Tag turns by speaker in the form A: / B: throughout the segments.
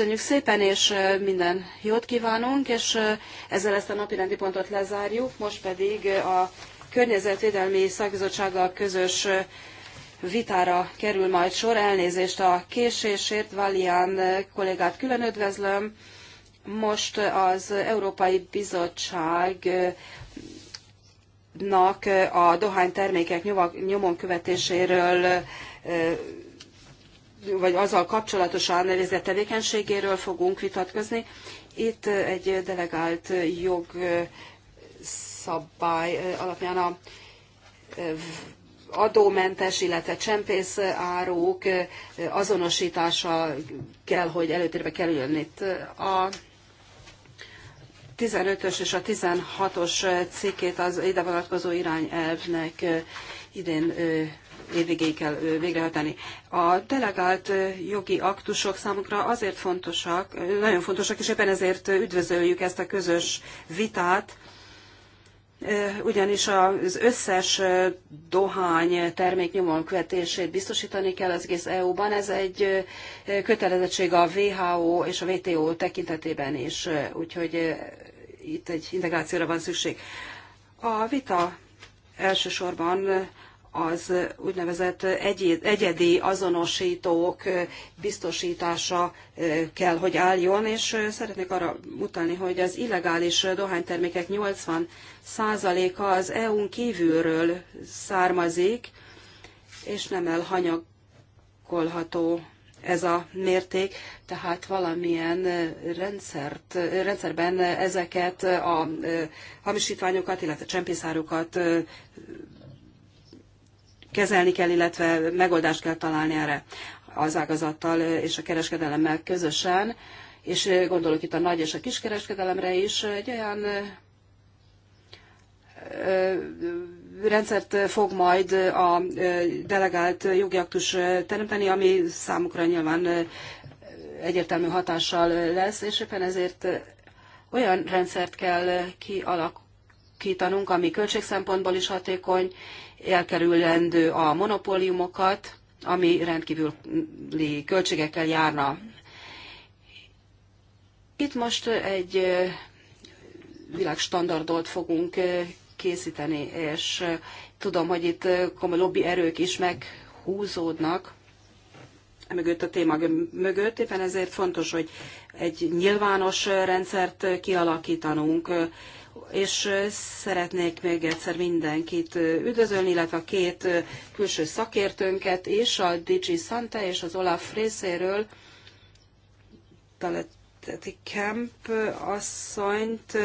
A: Köszönjük szépen, és minden jót kívánunk, és ezzel ezt a napirendi pontot lezárjuk, most pedig a Környezetvédelmi Szakbizottsággal közös vitára kerül majd sor. Elnézést a késésért, Valian kollégát külön üdvözlöm. Most az Európai Bizottságnak a dohánytermékek nyomon követéséről vagy azzal kapcsolatosan végzett tevékenységéről fogunk vitatkozni. Itt egy delegált jog szabály alapján a adómentes, illetve csempész áruk azonosítása kell, hogy előtérbe kerüljön. Itt a 15-ös és a 16-os cikkét az ide vonatkozó irányelvnek idén évigéig kell végrehajtani. A delegált jogi aktusok számunkra azért fontosak, nagyon fontosak, és éppen ezért üdvözöljük ezt a közös vitát, ugyanis az összes dohány termék nyomonkövetését követését biztosítani kell az egész EU-ban. Ez egy kötelezettség a WHO és a WTO tekintetében is, úgyhogy itt egy integrációra van szükség. A vita elsősorban az úgynevezett egyedi azonosítók biztosítása kell, hogy álljon, és szeretnék arra mutatni, hogy az illegális dohánytermékek 80%-a az EU-n kívülről származik, és nem elhanyagolható ez a mérték, tehát valamilyen rendszert, rendszerben ezeket a hamisítványokat, illetve csempészárukat kezelni kell, illetve megoldást kell találni erre az ágazattal és a kereskedelemmel közösen, és gondolok itt a nagy és a kis kereskedelemre is, egy olyan rendszert fog majd a delegált jogi aktus teremteni, ami számukra nyilván egyértelmű hatással lesz, és éppen ezért olyan rendszert kell kialakítanunk, ami költségszempontból is hatékony, elkerülendő a monopóliumokat, ami rendkívüli költségekkel járna. Itt most egy világstandardot fogunk készíteni, és tudom, hogy itt komoly lobby erők is meghúzódnak e mögött a téma mögött, éppen ezért fontos, hogy egy nyilvános rendszert kialakítanunk, és szeretnék még egyszer mindenkit üdvözölni, illetve a két külső szakértőnket és a DG Santa és az Olaf részéről Taletetik Kemp asszonyt,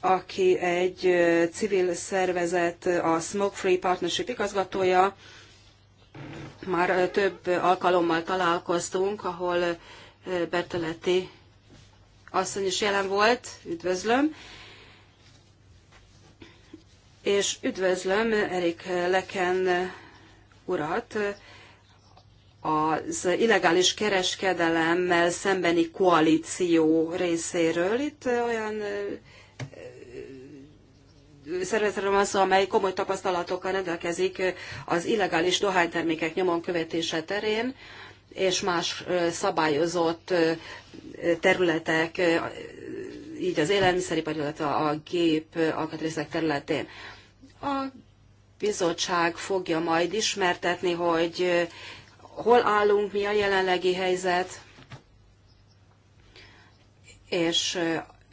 A: aki egy civil szervezet, a Smoke Free Partnership igazgatója. Már több alkalommal találkoztunk, ahol Bertoletti asszony is jelen volt, üdvözlöm, és üdvözlöm Erik Leken urat, az illegális kereskedelemmel szembeni koalíció részéről. Itt olyan szervezetről van szó, amely komoly tapasztalatokkal rendelkezik az illegális dohánytermékek nyomon követése terén és más szabályozott területek, így az élelmiszeripar, illetve a gép alkatrészek területén. A bizottság fogja majd ismertetni, hogy hol állunk, mi a jelenlegi helyzet, és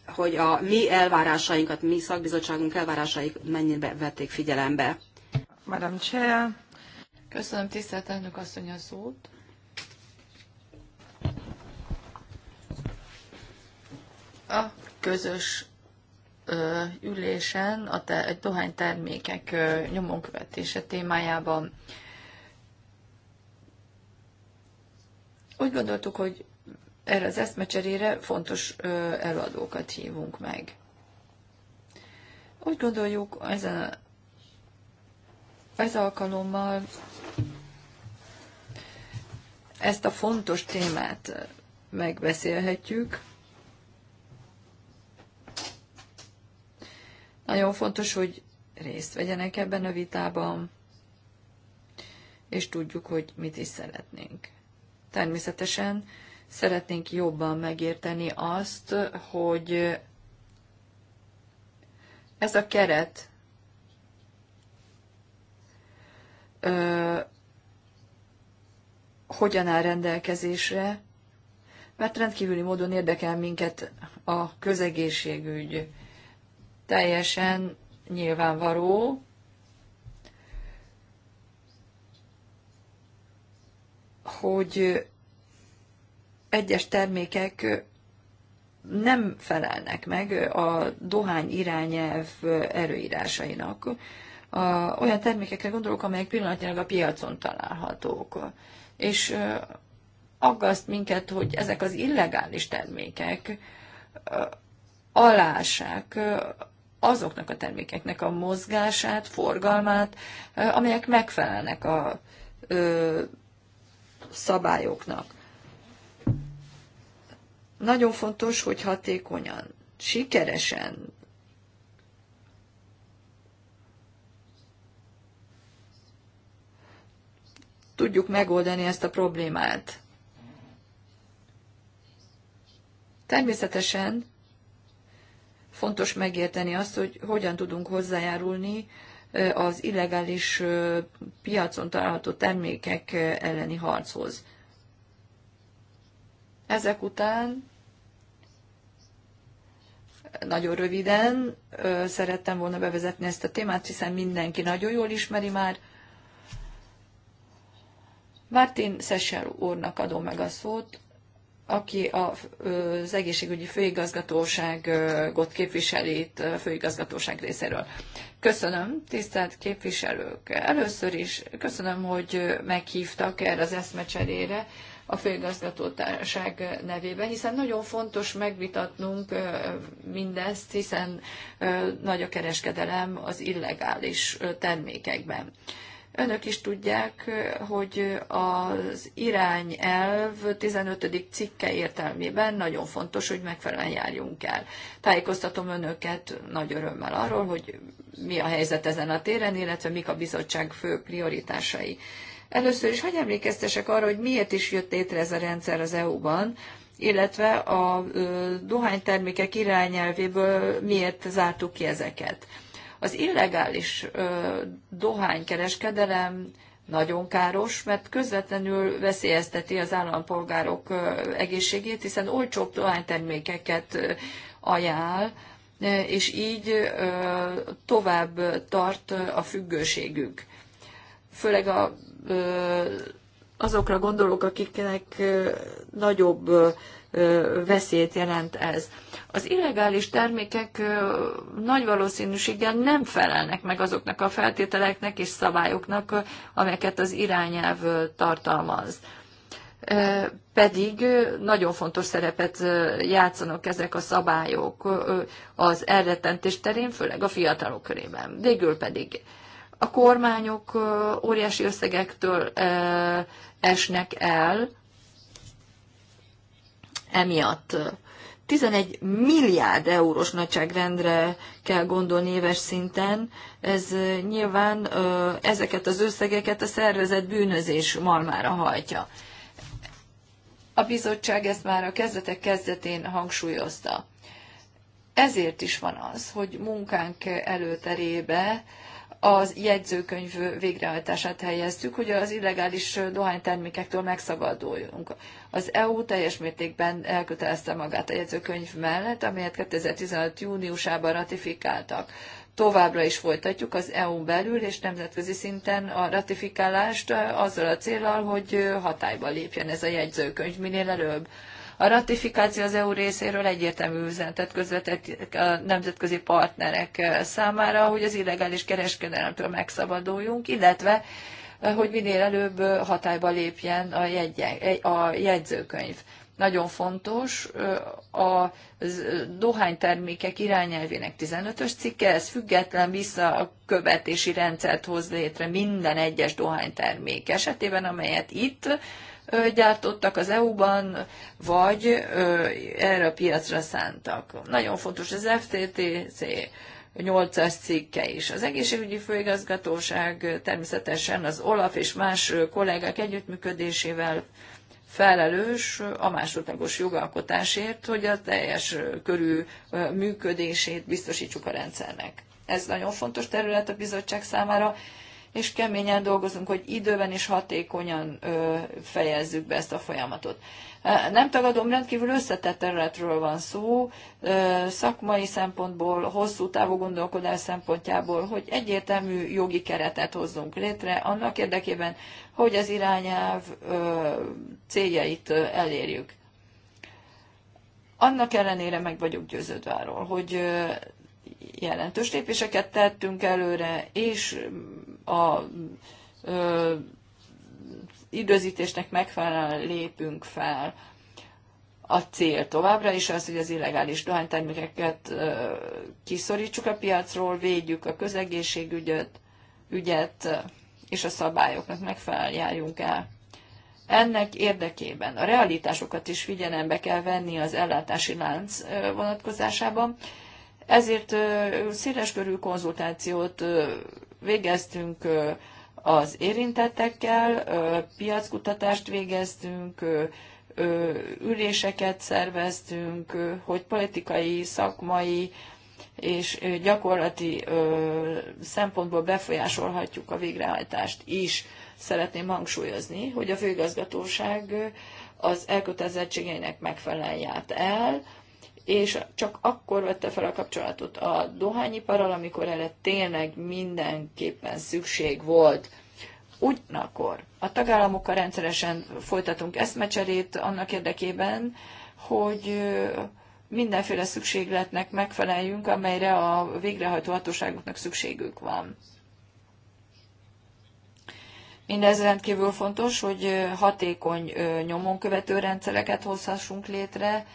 A: hogy a mi elvárásainkat, mi szakbizottságunk elvárásait mennyire vették figyelembe. Madam Chair.
B: Köszönöm tisztelt elnök asszony a szót. a közös ülésen a te, termékek nyomon követése témájában. Úgy gondoltuk, hogy erre az eszmecserére fontos előadókat hívunk meg. Úgy gondoljuk, ezen ez alkalommal ezt a fontos témát megbeszélhetjük, Nagyon fontos, hogy részt vegyenek ebben a vitában, és tudjuk, hogy mit is szeretnénk. Természetesen szeretnénk jobban megérteni azt, hogy ez a keret ö, hogyan áll rendelkezésre, mert rendkívüli módon érdekel minket a közegészségügy teljesen nyilvánvaló, hogy egyes termékek nem felelnek meg a dohány irányelv erőírásainak. Olyan termékekre gondolok, amelyek pillanatnyilag a piacon találhatók. És aggaszt minket, hogy ezek az illegális termékek alássák azoknak a termékeknek a mozgását, forgalmát, amelyek megfelelnek a ö, szabályoknak. Nagyon fontos, hogy hatékonyan, sikeresen tudjuk megoldani ezt a problémát. Természetesen fontos megérteni azt, hogy hogyan tudunk hozzájárulni az illegális piacon található termékek elleni harchoz. Ezek után nagyon röviden szerettem volna bevezetni ezt a témát, hiszen mindenki nagyon jól ismeri már. Martin Szesser úrnak adom meg a szót, aki a, az egészségügyi főigazgatóságot képviseli itt a főigazgatóság részéről. Köszönöm, tisztelt képviselők! Először is köszönöm, hogy meghívtak erre az eszmecserére a főigazgatóság nevében, hiszen nagyon fontos megvitatnunk mindezt, hiszen nagy a kereskedelem az illegális termékekben. Önök is tudják, hogy az irányelv 15. cikke értelmében nagyon fontos, hogy megfelelően járjunk el. Tájékoztatom önöket nagy örömmel arról, hogy mi a helyzet ezen a téren, illetve mik a bizottság fő prioritásai. Először is, hogy emlékeztesek arra, hogy miért is jött létre ez a rendszer az EU-ban, illetve a dohánytermékek irányelvéből miért zártuk ki ezeket. Az illegális dohánykereskedelem nagyon káros, mert közvetlenül veszélyezteti az állampolgárok egészségét, hiszen olcsóbb dohánytermékeket ajánl, és így tovább tart a függőségük. Főleg a, azokra gondolok, akiknek nagyobb veszélyt jelent ez. Az illegális termékek nagy valószínűséggel nem felelnek meg azoknak a feltételeknek és szabályoknak, amelyeket az irányelv tartalmaz. Pedig nagyon fontos szerepet játszanak ezek a szabályok az elretentés terén, főleg a fiatalok körében. Végül pedig a kormányok óriási összegektől esnek el, emiatt 11 milliárd eurós nagyságrendre kell gondolni éves szinten, ez nyilván ezeket az összegeket a szervezet bűnözés malmára hajtja. A bizottság ezt már a kezdetek kezdetén hangsúlyozta. Ezért is van az, hogy munkánk előterébe az jegyzőkönyv végrehajtását helyeztük, hogy az illegális dohánytermékektől megszabaduljunk. Az EU teljes mértékben elkötelezte magát a jegyzőkönyv mellett, amelyet 2015. júniusában ratifikáltak. Továbbra is folytatjuk az eu belül és nemzetközi szinten a ratifikálást azzal a célral, hogy hatályba lépjen ez a jegyzőkönyv minél előbb. A ratifikáció az EU részéről egyértelmű üzenetet közvetett a nemzetközi partnerek eh, számára, hogy az illegális kereskedelemtől megszabaduljunk, illetve eh, hogy minél előbb eh, hatályba lépjen a, jegye, a jegyzőkönyv. Nagyon fontos a dohánytermékek irányelvének 15-ös cikke, ez független visszakövetési rendszert hoz létre minden egyes dohánytermék esetében, amelyet itt gyártottak az EU-ban, vagy erre a piacra szántak. Nagyon fontos az FTTC 8-as cikke is. Az egészségügyi főigazgatóság természetesen az OLAF és más kollégák együttműködésével felelős a másodlagos jogalkotásért, hogy a teljes körű működését biztosítsuk a rendszernek. Ez nagyon fontos terület a bizottság számára, és keményen dolgozunk, hogy időben és hatékonyan fejezzük be ezt a folyamatot. Nem tagadom, rendkívül összetett területről van szó, szakmai szempontból, hosszú távú gondolkodás szempontjából, hogy egyértelmű jogi keretet hozzunk létre, annak érdekében, hogy az irányelv céljait elérjük. Annak ellenére meg vagyok győződve arról, hogy jelentős lépéseket tettünk előre, és a ö, időzítésnek megfelelően lépünk fel. A cél továbbra is az, hogy az illegális dohánytermékeket kiszorítsuk a piacról, védjük a közegészségügyet, ügyet, és a szabályoknak megfelelően járjunk el. Ennek érdekében a realitásokat is figyelembe kell venni az ellátási lánc vonatkozásában, ezért széleskörű konzultációt végeztünk az érintettekkel, piackutatást végeztünk, üléseket szerveztünk, hogy politikai, szakmai és gyakorlati szempontból befolyásolhatjuk a végrehajtást is. Szeretném hangsúlyozni, hogy a főigazgatóság az elkötelezettségeinek megfelelően járt el, és csak akkor vette fel a kapcsolatot a dohányiparral, amikor erre tényleg mindenképpen szükség volt. Ugyanakkor a tagállamokkal rendszeresen folytatunk eszmecserét annak érdekében, hogy mindenféle szükségletnek megfeleljünk, amelyre a végrehajtó hatóságoknak szükségük van. Mindez rendkívül fontos, hogy hatékony nyomonkövető követő rendszereket hozhassunk létre,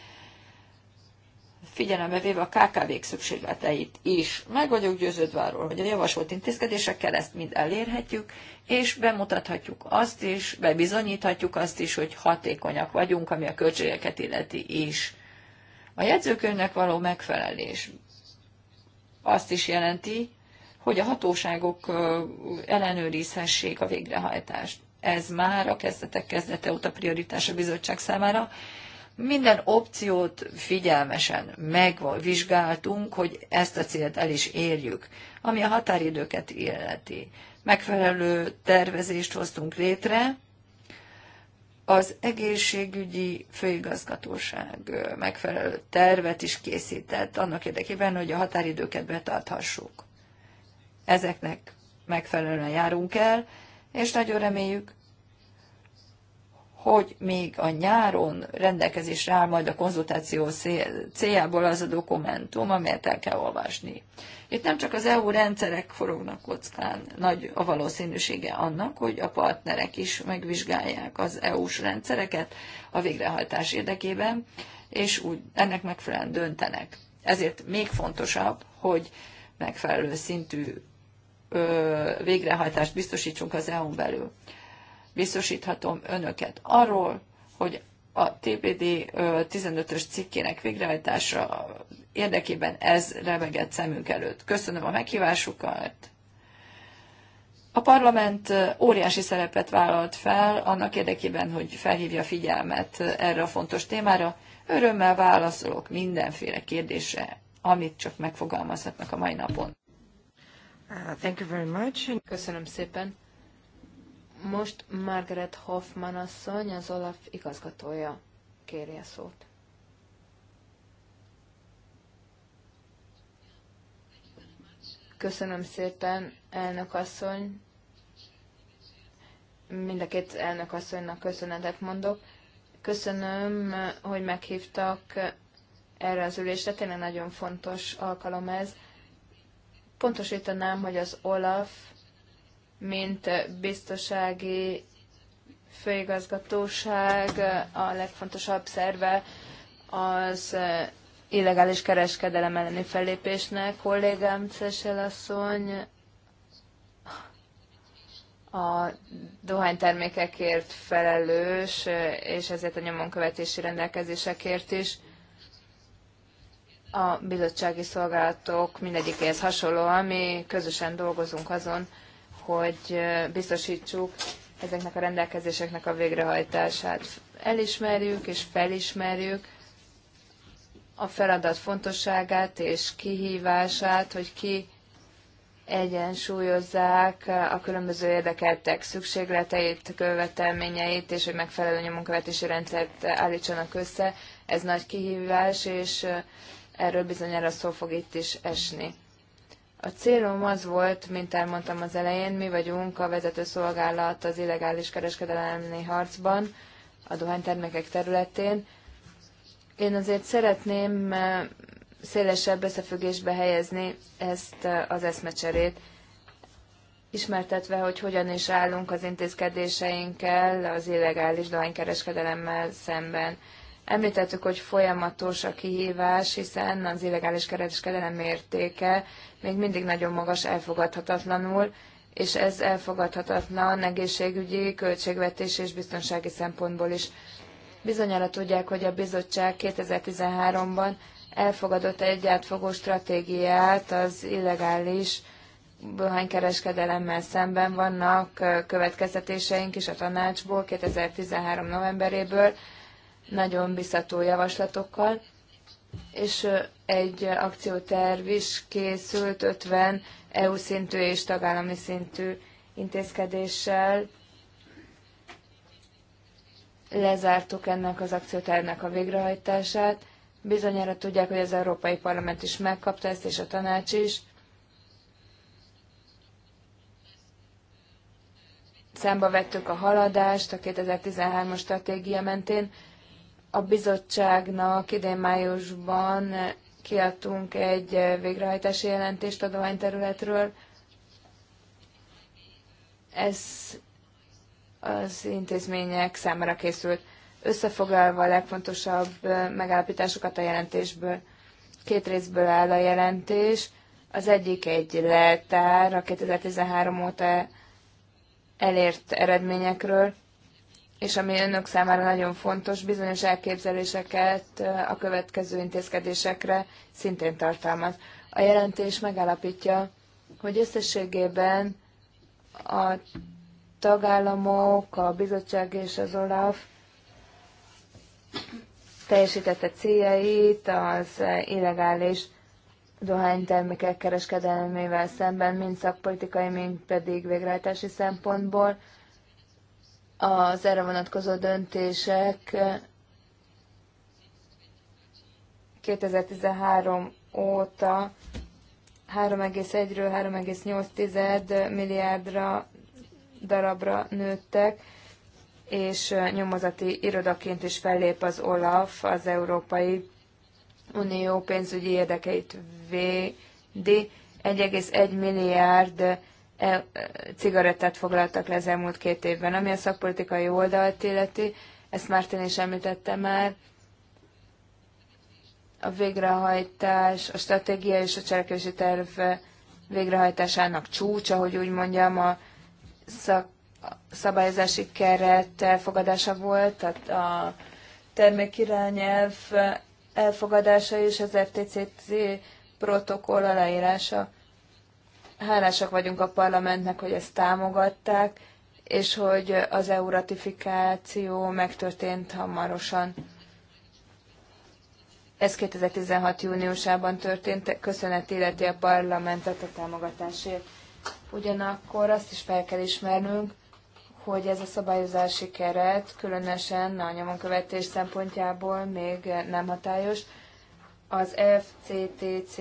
B: figyelembe véve a KKV-k szükségleteit is. Meg vagyok győződve arról, hogy a javasolt intézkedésekkel ezt mind elérhetjük, és bemutathatjuk azt is, bebizonyíthatjuk azt is, hogy hatékonyak vagyunk, ami a költségeket illeti is. A jegyzőkönyvnek való megfelelés azt is jelenti, hogy a hatóságok ellenőrizhessék a végrehajtást. Ez már a kezdetek kezdete óta prioritás a bizottság számára, minden opciót figyelmesen megvizsgáltunk, hogy ezt a célt el is érjük, ami a határidőket illeti. Megfelelő tervezést hoztunk létre, az egészségügyi főigazgatóság megfelelő tervet is készített annak érdekében, hogy a határidőket betarthassuk. Ezeknek megfelelően járunk el, és nagyon reméljük, hogy még a nyáron rendelkezésre áll majd a konzultáció céljából az a dokumentum, amelyet el kell olvasni. Itt nem csak az EU rendszerek forognak kockán, nagy a valószínűsége annak, hogy a partnerek is megvizsgálják az EU-s rendszereket a végrehajtás érdekében, és úgy ennek megfelelően döntenek. Ezért még fontosabb, hogy megfelelő szintű végrehajtást biztosítsunk az EU-n belül biztosíthatom önöket arról, hogy a TPD 15-ös cikkének végrehajtása érdekében ez remegett szemünk előtt. Köszönöm a meghívásukat. A parlament óriási szerepet vállalt fel annak érdekében, hogy felhívja figyelmet erre a fontos témára. Örömmel válaszolok mindenféle kérdésre, amit csak megfogalmazhatnak a mai napon.
C: Uh, thank you very much. Köszönöm szépen. Most Margaret Hoffman asszony, az Olaf igazgatója kéri a szót. Köszönöm szépen, elnök asszony. Mind a két elnök asszonynak köszönetet mondok. Köszönöm, hogy meghívtak erre az ülésre. Tényleg nagyon fontos alkalom ez. Pontosítanám, hogy az OLAF mint biztonsági főigazgatóság a legfontosabb szerve az eh, illegális kereskedelem elleni fellépésnek. Kollégám Cesel asszony a dohánytermékekért felelős, eh, és ezért a nyomonkövetési rendelkezésekért is. A bizottsági szolgálatok mindegyikéhez hasonlóan mi közösen dolgozunk azon, hogy biztosítsuk ezeknek a rendelkezéseknek a végrehajtását. Elismerjük és felismerjük a feladat fontosságát és kihívását, hogy ki egyensúlyozzák a különböző érdekeltek szükségleteit, követelményeit, és hogy megfelelő nyomonkövetési rendszert állítsanak össze. Ez nagy kihívás, és erről bizonyára szó fog itt is esni. A célom az volt, mint elmondtam az elején, mi vagyunk a vezető szolgálat az illegális kereskedelmi harcban, a dohánytermékek területén. Én azért szeretném eh, szélesebb összefüggésbe helyezni ezt eh, az eszmecserét, ismertetve, hogy hogyan is állunk az intézkedéseinkkel az illegális dohánykereskedelemmel szemben. Említettük, hogy folyamatos a kihívás, hiszen az illegális kereskedelem mértéke még mindig nagyon magas, elfogadhatatlanul, és ez elfogadhatatlan egészségügyi, költségvetés és biztonsági szempontból is. Bizonyára tudják, hogy a bizottság 2013-ban elfogadott egy átfogó stratégiát az illegális dohánykereskedelemmel szemben vannak következtetéseink is a tanácsból 2013. novemberéből, nagyon biztató javaslatokkal, és egy akcióterv is készült 50 EU szintű és tagállami szintű intézkedéssel. Lezártuk ennek az akciótervnek a végrehajtását. Bizonyára tudják, hogy az Európai Parlament is megkapta ezt, és a tanács is. Számba vettük a haladást a 2013-as stratégia mentén, a bizottságnak idén májusban kiadtunk egy végrehajtási jelentést a dohányterületről. Ez az intézmények számára készült. Összefoglalva a legfontosabb megállapításokat a jelentésből. Két részből áll a jelentés. Az egyik egy leltár a 2013 óta elért eredményekről, és ami önök számára nagyon fontos, bizonyos elképzeléseket a következő intézkedésekre szintén tartalmaz. A jelentés megállapítja, hogy összességében a tagállamok, a bizottság és az OLAF teljesítette céljait az illegális dohánytermékek kereskedelmével szemben, mind szakpolitikai, mind pedig végrehajtási szempontból az erre vonatkozó döntések 2013 óta 3,1-ről 3,8 milliárdra darabra nőttek, és nyomozati irodaként is fellép az OLAF, az Európai Unió pénzügyi érdekeit védi. 1,1 milliárd E, e, cigarettát foglaltak le az elmúlt két évben. Ami a szakpolitikai oldalt illeti, ezt Mártin is említette már, a végrehajtás, a stratégia és a cselekvési terv végrehajtásának csúcsa, hogy úgy mondjam, a szak, szabályozási keret elfogadása volt, tehát a termékirányelv elfogadása és az FTCC protokoll aláírása. Hálásak vagyunk a parlamentnek, hogy ezt támogatták, és hogy az EU ratifikáció megtörtént hamarosan. Ez 2016. júniusában történt, köszönet illeti a parlamentet a támogatásért. Ugyanakkor azt is fel kell ismernünk, hogy ez a szabályozási keret különösen a nyomonkövetés szempontjából még nem hatályos. Az FCTC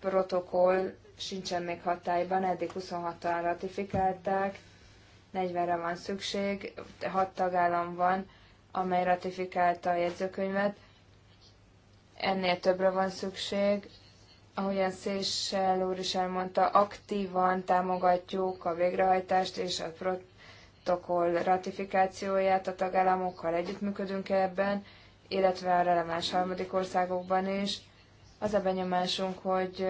C: protokoll sincsen még hatályban, eddig 26-an ratifikálták, 40-re van szükség, 6 tagállam van, amely ratifikálta a jegyzőkönyvet, ennél többre van szükség. Ahogyan Széssel úr is elmondta, aktívan támogatjuk a végrehajtást és a protokoll ratifikációját a tagállamokkal együttműködünk ebben, illetve a releváns harmadik országokban is. Az a benyomásunk, hogy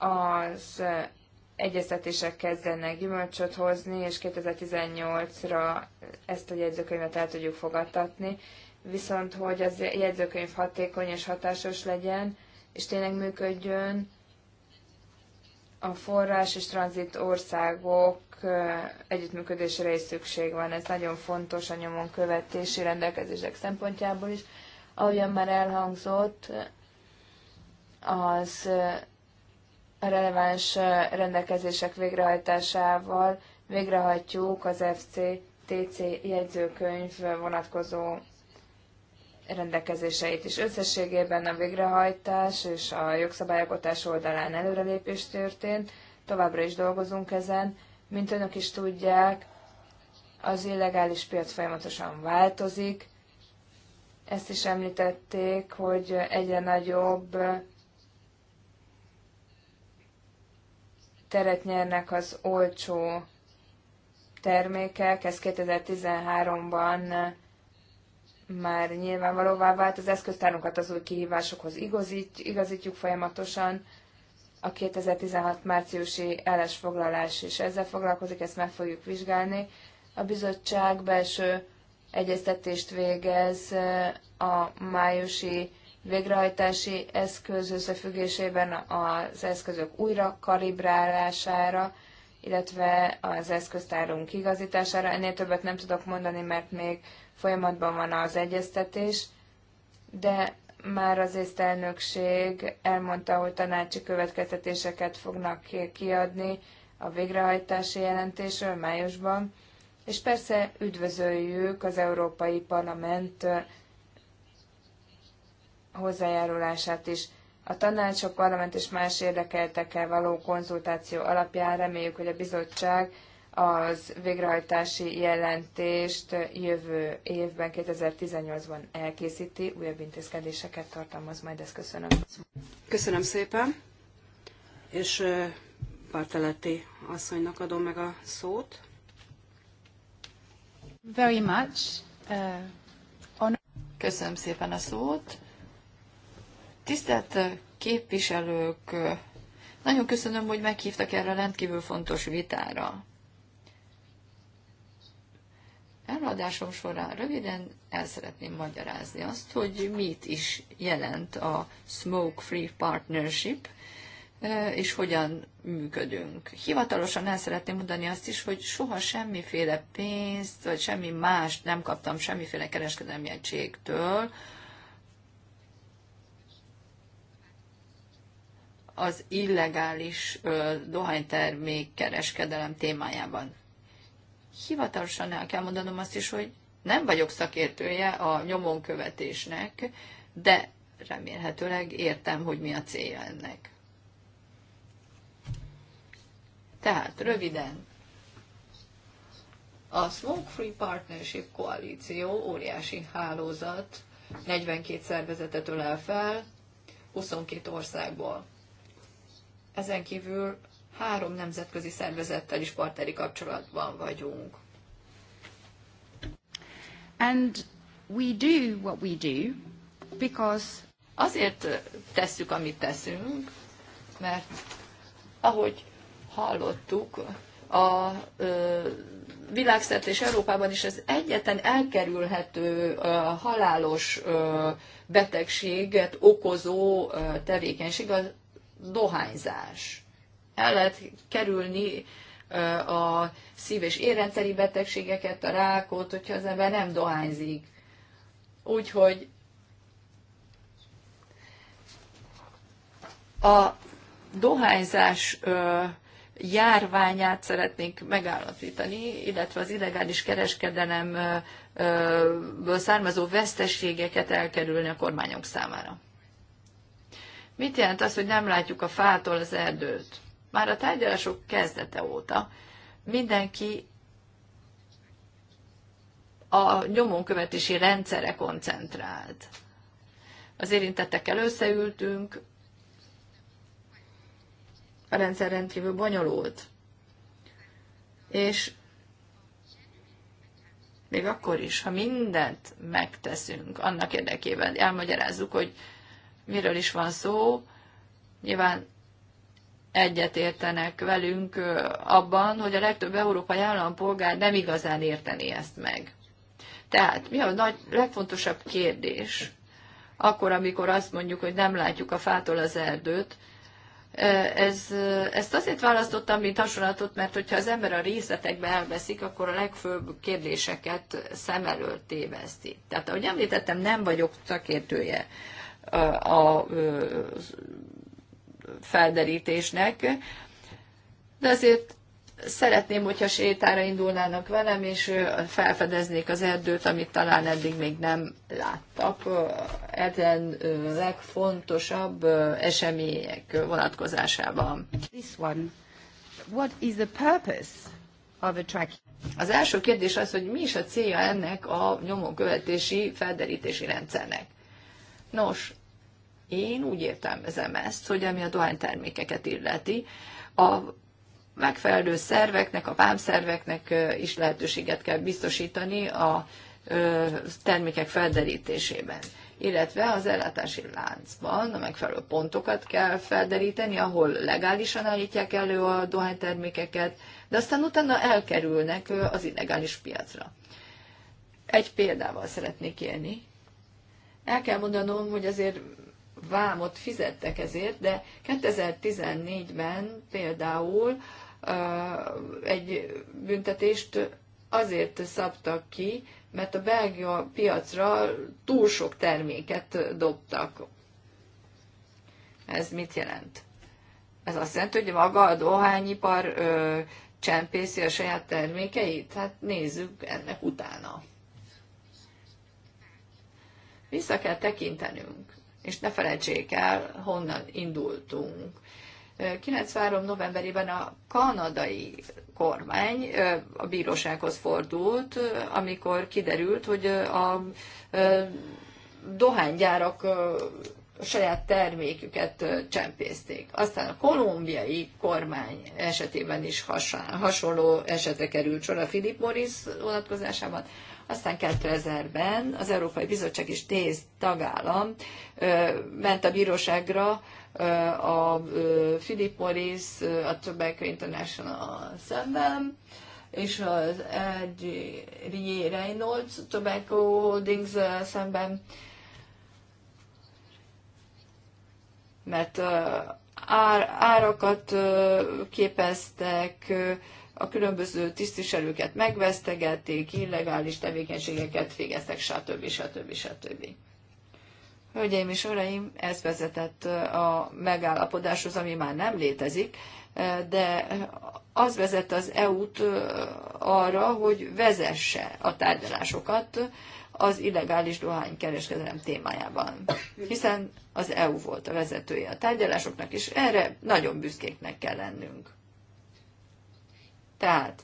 C: az egyeztetések kezdenek gyümölcsöt hozni, és 2018-ra ezt a jegyzőkönyvet el tudjuk fogadtatni. Viszont, hogy az jegyzőkönyv hatékony és hatásos legyen, és tényleg működjön, a forrás és tranzit országok együttműködésére is szükség van. Ez nagyon fontos a nyomon követési rendelkezések szempontjából is. Ahogyan már elhangzott, az releváns rendelkezések végrehajtásával végrehajtjuk az FCTC jegyzőkönyv vonatkozó rendelkezéseit is. Összességében a végrehajtás és a jogszabályokotás oldalán előrelépés történt, továbbra is dolgozunk ezen. Mint önök is tudják, az illegális piac folyamatosan változik. Ezt is említették, hogy egyre nagyobb teret nyernek az olcsó termékek, ez 2013-ban már nyilvánvalóvá vált, az eszköztárunkat az új kihívásokhoz igazít, igazítjuk folyamatosan, a 2016 márciusi foglalás is ezzel foglalkozik, ezt meg fogjuk vizsgálni. A bizottság belső egyeztetést végez eh, a májusi végrehajtási eszköz összefüggésében az eszközök újra kalibrálására, illetve az eszköztárunk igazítására. Ennél többet nem tudok mondani, mert még folyamatban van az egyeztetés, de már az észtelnökség elmondta, hogy tanácsi következtetéseket fognak kiadni a végrehajtási jelentésről májusban, és persze üdvözöljük az Európai Parlament hozzájárulását is. A tanácsok parlament és más érdekeltekkel való konzultáció alapján reméljük, hogy a bizottság az végrehajtási jelentést jövő évben, 2018-ban elkészíti, újabb intézkedéseket tartalmaz majd, ezt köszönöm.
A: Köszönöm szépen, és Barteleti asszonynak adom meg a szót. Very much. Uh, on...
B: Köszönöm szépen a szót. Tisztelt képviselők, nagyon köszönöm, hogy meghívtak erre a rendkívül fontos vitára. Előadásom során röviden el szeretném magyarázni azt, hogy mit is jelent a Smoke Free Partnership, és hogyan működünk. Hivatalosan el szeretném mondani azt is, hogy soha semmiféle pénzt, vagy semmi mást nem kaptam semmiféle kereskedelmi egységtől, az illegális ö, dohánytermék kereskedelem témájában. Hivatalosan el kell mondanom azt is, hogy nem vagyok szakértője a nyomonkövetésnek, de remélhetőleg értem, hogy mi a célja ennek. Tehát röviden, a Smoke Free Partnership koalíció óriási hálózat, 42 szervezetet ölel fel, 22 országból ezen kívül három nemzetközi szervezettel is partneri kapcsolatban vagyunk.
A: And we do what
B: we do because azért tesszük, amit teszünk, mert ahogy hallottuk, a világszerte és Európában is ez egyetlen elkerülhető halálos betegséget okozó tevékenység az dohányzás. El lehet kerülni a szív- és érrendszeri betegségeket, a rákot, hogyha az ember nem dohányzik. Úgyhogy a dohányzás járványát szeretnénk megállapítani, illetve az illegális kereskedelemből származó veszteségeket elkerülni a kormányok számára. Mit jelent az, hogy nem látjuk a fától az erdőt? Már a tárgyalások kezdete óta mindenki a nyomonkövetési rendszere koncentrált. Az érintettekkel összeültünk, a rendszer rendkívül bonyolult. És még akkor is, ha mindent megteszünk annak érdekében, elmagyarázzuk, hogy miről is van szó. Nyilván egyetértenek velünk abban, hogy a legtöbb európai állampolgár nem igazán érteni ezt meg. Tehát mi a nagy, legfontosabb kérdés, akkor, amikor azt mondjuk, hogy nem látjuk a fától az erdőt, ez, ezt azért választottam, mint hasonlatot, mert hogyha az ember a részletekbe elveszik, akkor a legfőbb kérdéseket szem előtt téveszti. Tehát, ahogy említettem, nem vagyok szakértője a felderítésnek, de azért szeretném, hogyha sétára indulnának velem, és felfedeznék az erdőt, amit talán eddig még nem láttak. Ezen legfontosabb események vonatkozásában. This one. What is the purpose of a Az első kérdés az, hogy mi is a célja ennek a nyomonkövetési felderítési rendszernek. Nos, én úgy értelmezem ezt, hogy ami a dohánytermékeket illeti, a megfelelő szerveknek, a vámszerveknek is lehetőséget kell biztosítani a termékek felderítésében illetve az ellátási láncban a megfelelő pontokat kell felderíteni, ahol legálisan állítják elő a dohánytermékeket, de aztán utána elkerülnek az illegális piacra. Egy példával szeretnék élni. El kell mondanom, hogy azért vámot fizettek ezért, de 2014-ben például egy büntetést azért szabtak ki, mert a belga piacra túl sok terméket dobtak. Ez mit jelent? Ez azt jelenti, hogy maga a dohányipar ö, csempészi a saját termékeit? Hát nézzük ennek utána. Vissza kell tekintenünk és ne felejtsék el, honnan indultunk. 93. novemberében a kanadai kormány a bírósághoz fordult, amikor kiderült, hogy a dohánygyárak a saját terméküket csempészték. Aztán a kolumbiai kormány esetében is hasonló esetre került sor a Philip Morris vonatkozásában. Aztán 2000-ben az Európai Bizottság és 10 tagállam ment a bíróságra a Philip Morris, a Tobacco International szemben, és az Eddie Reynolds Tobacco Holdings szemben, mert árakat képeztek, a különböző tisztviselőket megvesztegették, illegális tevékenységeket végeztek, stb. stb. stb. Hölgyeim és uraim, ez vezetett a megállapodáshoz, ami már nem létezik, de az vezet az EU-t arra, hogy vezesse a tárgyalásokat az illegális dohánykereskedelem témájában. Hiszen az EU volt a vezetője a tárgyalásoknak, és erre nagyon büszkéknek kell lennünk. Tehát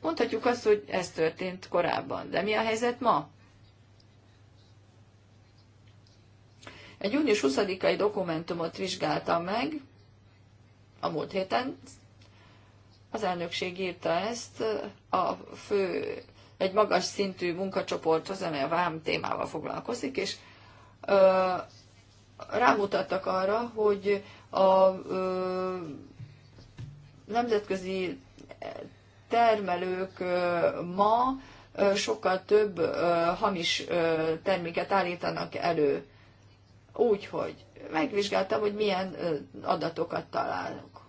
B: mondhatjuk azt, hogy ez történt korábban, de mi a helyzet ma? Egy június 20-ai dokumentumot vizsgáltam meg a múlt héten. Az elnökség írta ezt a fő, egy magas szintű munkacsoport, amely a vám témával foglalkozik, és ö, rámutattak arra, hogy a ö, nemzetközi eh, termelők eh, ma eh, sokkal több hamis terméket állítanak elő. Úgyhogy megvizsgáltam, hogy milyen adatokat találok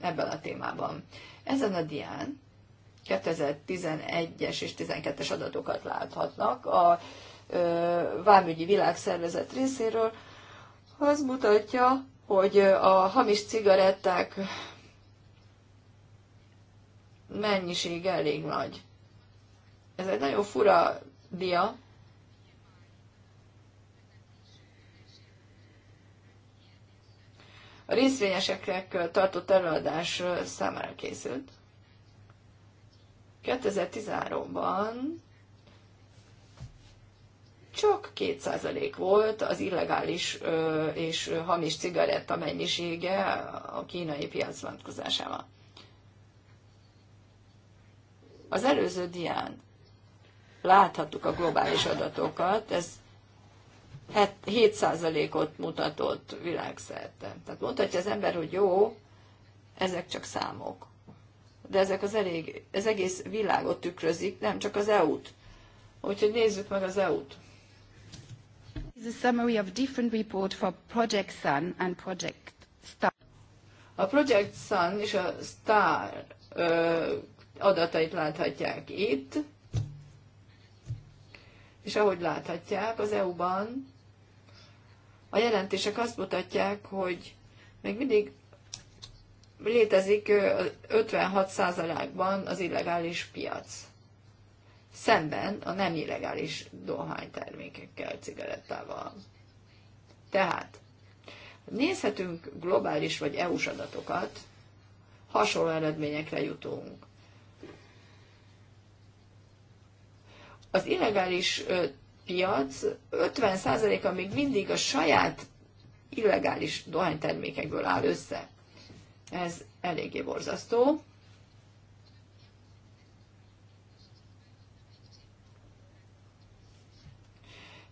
B: ebben a témában. Ezen a dián 2011-es és 12-es adatokat láthatnak a Vámügyi Világszervezet részéről. Az mutatja, hogy a hamis cigaretták mennyiség elég nagy. Ez egy nagyon fura dia, a részvényeseknek tartott előadás számára készült. 2013-ban csak 2% volt az illegális és hamis cigaretta mennyisége a kínai piac vonatkozásában. Az előző dián láthattuk a globális adatokat, ez 7%-ot mutatott világszerte. Tehát mondhatja az ember, hogy jó, ezek csak számok. De ezek az elég, ez egész világot tükrözik, nem csak az EU-t. Úgyhogy nézzük meg az EU-t.
A: a summary of different report for Project Sun and Project Star. A Project Sun és a Star
B: adatait láthatják itt, és ahogy láthatják, az EU-ban a jelentések azt mutatják, hogy még mindig létezik 56%-ban az illegális piac. Szemben a nem illegális dohánytermékekkel, cigarettával. Tehát nézhetünk globális vagy EU-s adatokat, hasonló eredményekre jutunk. az illegális piac 50%-a még mindig a saját illegális dohánytermékekből áll össze. Ez eléggé borzasztó.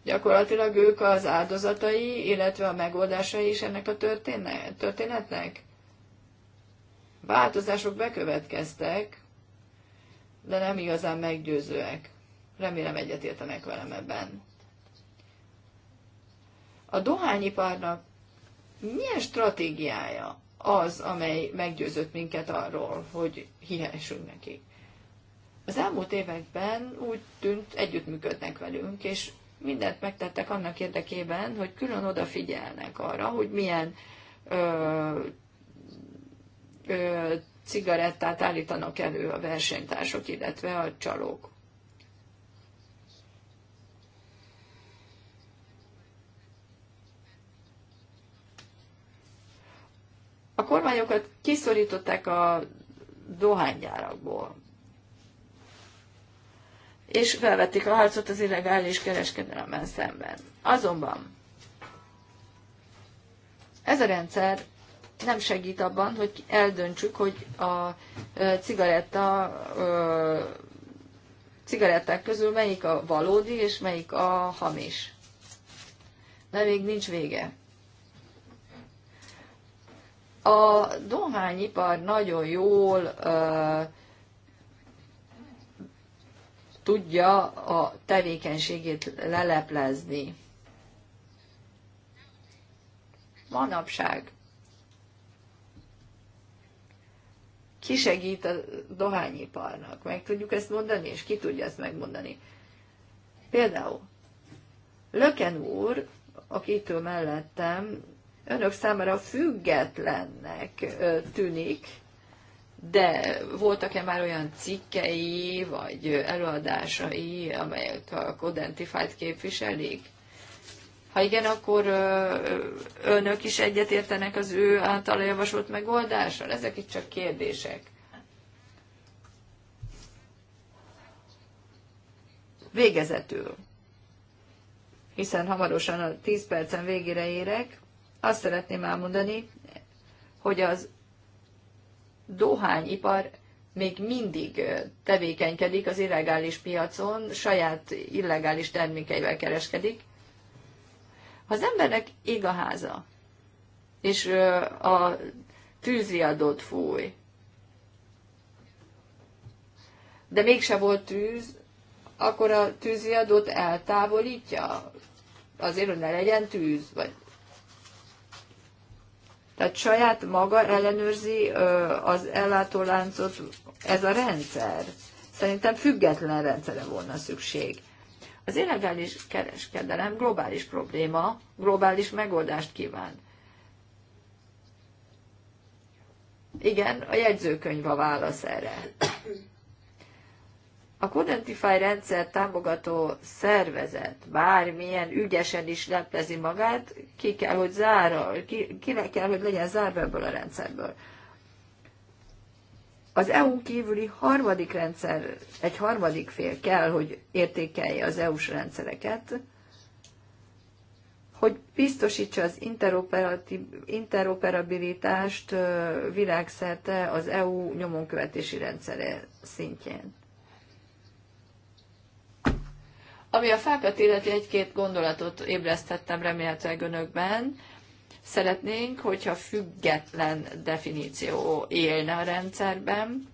B: Gyakorlatilag ők az áldozatai, illetve a megoldásai is ennek a történetnek? Változások bekövetkeztek, de nem igazán meggyőzőek. Remélem egyetértenek velem ebben. A dohányiparnak milyen stratégiája az, amely meggyőzött minket arról, hogy hihessünk nekik? Az elmúlt években úgy tűnt, együttműködnek velünk, és mindent megtettek annak érdekében, hogy külön odafigyelnek arra, hogy milyen ö, ö, cigarettát állítanak elő a versenytársok illetve a csalók. A kormányokat kiszorították a dohánygyárakból, és felvették a harcot az
A: illegális
B: kereskedelemben szemben. Azonban ez a rendszer nem segít abban, hogy eldöntsük, hogy a cigaretta cigaretták közül melyik a valódi és melyik a hamis. De még nincs vége. A dohányipar nagyon jól uh, tudja a tevékenységét leleplezni. Manapság segít a dohányiparnak. Meg tudjuk ezt mondani, és ki tudja ezt megmondani. Például Löken úr, aki mellettem, önök számára függetlennek tűnik, de voltak-e már olyan cikkei, vagy előadásai, amelyek a Codentified képviselik? Ha igen, akkor önök is egyetértenek az ő által javasolt megoldással? Ezek itt csak kérdések. Végezetül, hiszen hamarosan a 10 percen végére érek, azt szeretném elmondani, hogy az dohányipar még mindig tevékenykedik az illegális piacon, saját illegális termékeivel kereskedik. Ha az embernek ég a háza, és a tűzriadót fúj, de mégse volt tűz, akkor a tűzriadót eltávolítja, azért, hogy ne legyen tűz, vagy tehát saját maga ellenőrzi az ellátóláncot ez a rendszer. Szerintem független rendszerre volna szükség. Az illegális kereskedelem globális probléma, globális megoldást kíván. Igen, a jegyzőkönyv a válasz erre a Codentify rendszer támogató szervezet bármilyen ügyesen is leplezi magát, ki kell, hogy zárol, ki, ki kell, hogy legyen zárva ebből a rendszerből. Az eu kívüli harmadik rendszer, egy harmadik fél kell, hogy értékelje az EU-s rendszereket, hogy biztosítsa az interoperabilitást világszerte az EU nyomonkövetési rendszere szintjén. Ami a fákat illeti, egy-két gondolatot ébresztettem remélhetőleg önökben. Szeretnénk, hogyha független definíció élne a rendszerben.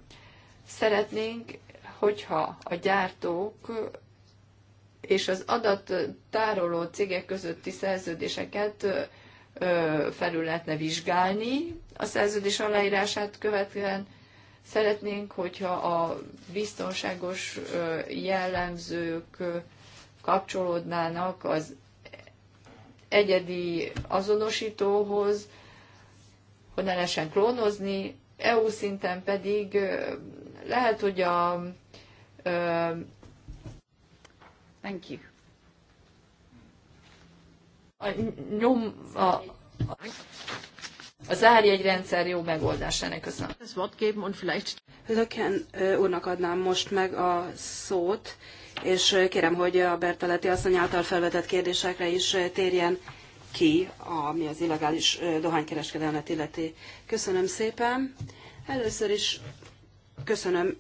B: Szeretnénk, hogyha a gyártók és az adattároló cégek közötti szerződéseket felül lehetne vizsgálni a szerződés aláírását követően. Szeretnénk, hogyha a biztonságos jellemzők kapcsolódnának az egyedi azonosítóhoz, hogy ne lehessen klónozni, EU szinten pedig lehet, hogy a... Ö, Thank you. A nyom, a, a, egy rendszer jó megoldás, ennek köszönöm.
A: Löken úrnak adnám most meg a szót, és kérem, hogy a Berteleti asszony által felvetett kérdésekre is térjen ki, ami az illegális dohánykereskedelmet illeti. Köszönöm szépen. Először is köszönöm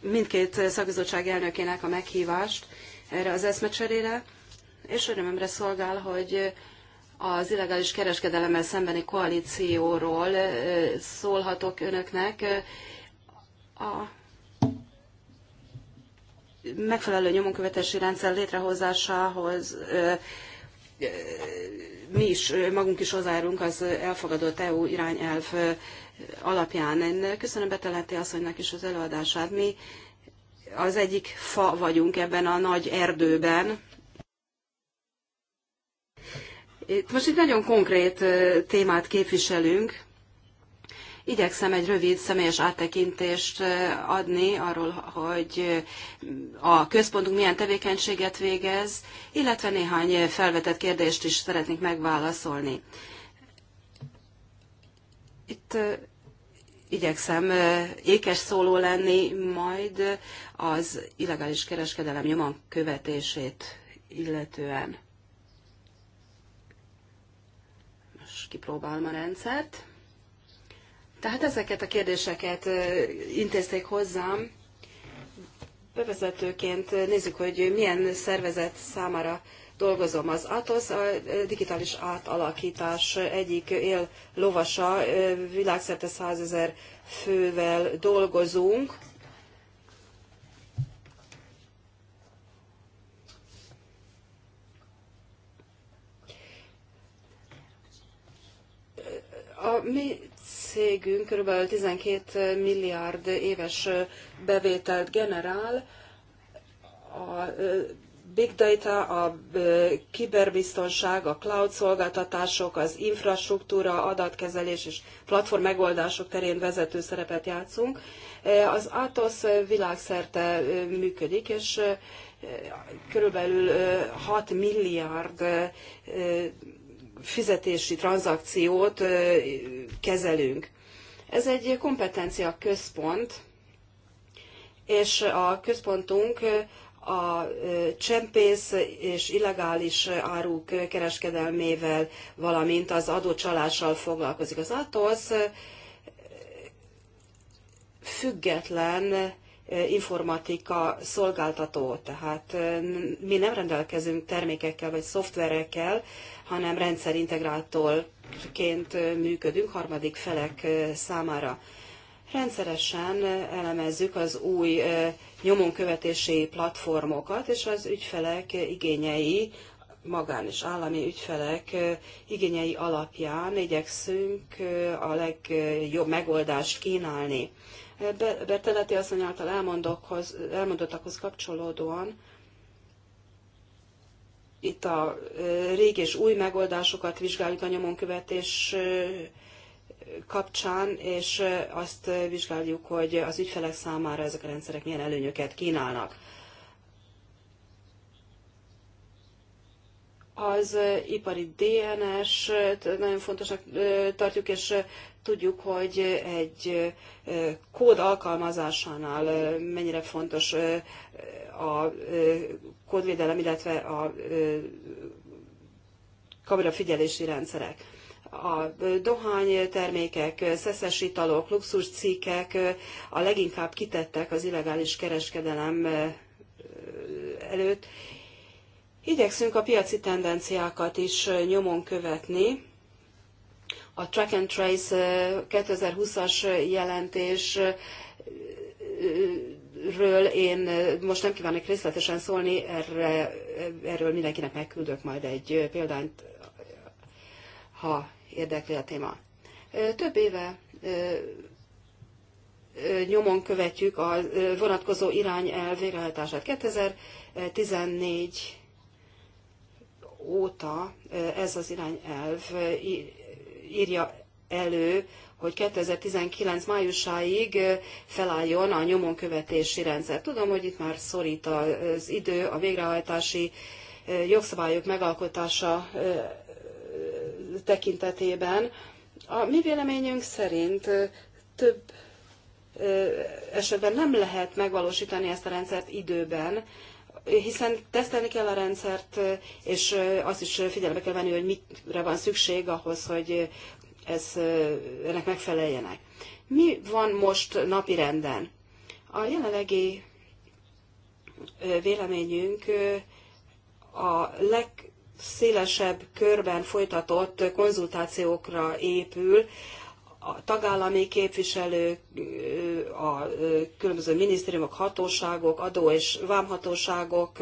A: mindkét szakbizottság elnökének a meghívást erre az eszmecserére, és örömömre szolgál, hogy az illegális kereskedelemmel szembeni koalícióról szólhatok önöknek. A megfelelő nyomonkövetési rendszer létrehozásához mi is magunk is hozzájárunk az elfogadott EU irányelv alapján. Én köszönöm Beteleti asszonynak is az előadását. Mi az egyik fa vagyunk ebben a nagy erdőben. Itt most itt nagyon konkrét témát képviselünk, Igyekszem egy rövid személyes áttekintést eh, adni arról, hogy eh, a központunk milyen tevékenységet végez, illetve néhány felvetett kérdést is szeretnék megválaszolni. Itt eh, igyekszem ékes szóló lenni, majd az illegális kereskedelem nyomon követését illetően. Most kipróbálom a rendszert. Tehát ezeket a kérdéseket intézték hozzám. Bevezetőként nézzük, hogy milyen szervezet számára dolgozom. Az ATOS a digitális átalakítás egyik él lovasa, világszerte 100 ezer fővel dolgozunk. A mi cégünk kb. 12 milliárd éves bevételt generál. A big data, a kiberbiztonság, a cloud szolgáltatások, az infrastruktúra, adatkezelés és platform megoldások terén vezető szerepet játszunk. Az ATOS világszerte működik, és körülbelül 6 milliárd fizetési tranzakciót kezelünk. Ez egy kompetencia központ, és a központunk a csempész és illegális áruk kereskedelmével, valamint az adócsalással foglalkozik. Az ATOSZ független informatika szolgáltató, tehát mi nem rendelkezünk termékekkel vagy szoftverekkel, hanem rendszerintegrátorként működünk harmadik felek számára. Rendszeresen elemezzük az új nyomonkövetési platformokat és az ügyfelek igényei, magán és állami ügyfelek igényei alapján igyekszünk a legjobb megoldást kínálni. Berteleti asszony által elmondottakhoz kapcsolódóan itt a régi és új megoldásokat vizsgáljuk a nyomonkövetés kapcsán, és azt vizsgáljuk, hogy az ügyfelek számára ezek a rendszerek milyen előnyöket kínálnak. Az ipari DNS-t nagyon fontosnak tartjuk, és Tudjuk, hogy egy kód alkalmazásánál mennyire fontos a kódvédelem, illetve a kamerafigyelési rendszerek. A dohány termékek, szeszes italok, luxus cikkek a leginkább kitettek az illegális kereskedelem előtt. Igyekszünk a piaci tendenciákat is nyomon követni, a Track and Trace 2020-as jelentés ről én most nem kívánok részletesen szólni, erre, erről mindenkinek megküldök majd egy példányt, ha érdekli a téma. Több éve nyomon követjük a vonatkozó irányelv végrehajtását. 2014 óta ez az irányelv írja elő, hogy 2019 májusáig felálljon a nyomonkövetési rendszer. Tudom, hogy itt már szorít az idő, a végrehajtási jogszabályok megalkotása tekintetében. A mi véleményünk szerint több esetben nem lehet megvalósítani ezt a rendszert időben, hiszen tesztelni kell a rendszert, és azt is figyelembe kell venni, hogy mitre van szükség ahhoz, hogy ez, ennek megfeleljenek. Mi van most napi renden? A jelenlegi véleményünk a legszélesebb körben folytatott konzultációkra épül, a tagállami képviselők, a különböző minisztériumok, hatóságok, adó és vámhatóságok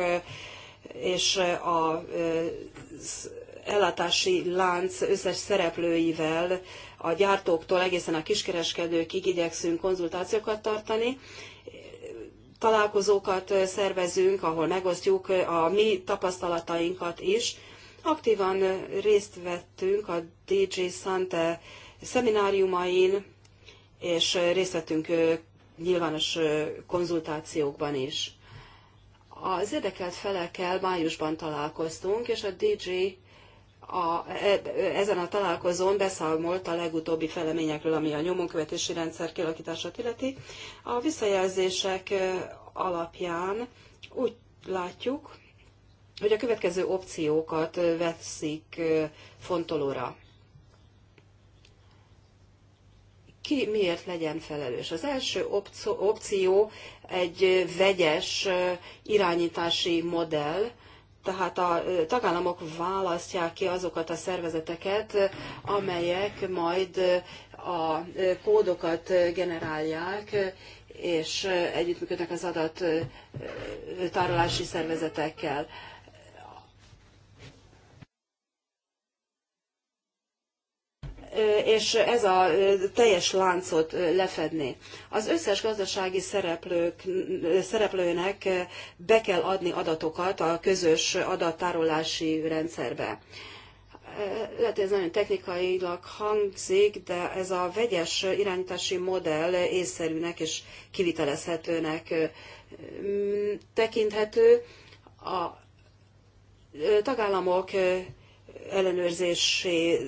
A: és az ellátási lánc összes szereplőivel, a gyártóktól egészen a kiskereskedőkig igyekszünk konzultációkat tartani. Találkozókat szervezünk, ahol megosztjuk a mi tapasztalatainkat is. Aktívan részt vettünk a DJ Sante szemináriumain, és részt vettünk nyilvános konzultációkban is. Az érdekelt felekkel májusban találkoztunk, és a DJ a, e, ezen a találkozón beszámolt a legutóbbi feleményekről, ami a nyomonkövetési rendszer kialakítását illeti. A visszajelzések alapján úgy látjuk, hogy a következő opciókat veszik fontolóra. ki miért legyen felelős. Az első opció egy vegyes irányítási modell, tehát a tagállamok választják ki azokat a szervezeteket, amelyek majd a kódokat generálják, és együttműködnek az adattárolási szervezetekkel. és ez a teljes láncot lefedné. Az összes gazdasági szereplők, szereplőnek be kell adni adatokat a közös adattárolási rendszerbe. Lehet, ez nagyon technikailag hangzik, de ez a vegyes irányítási modell észszerűnek és kivitelezhetőnek tekinthető. A tagállamok ellenőrzésé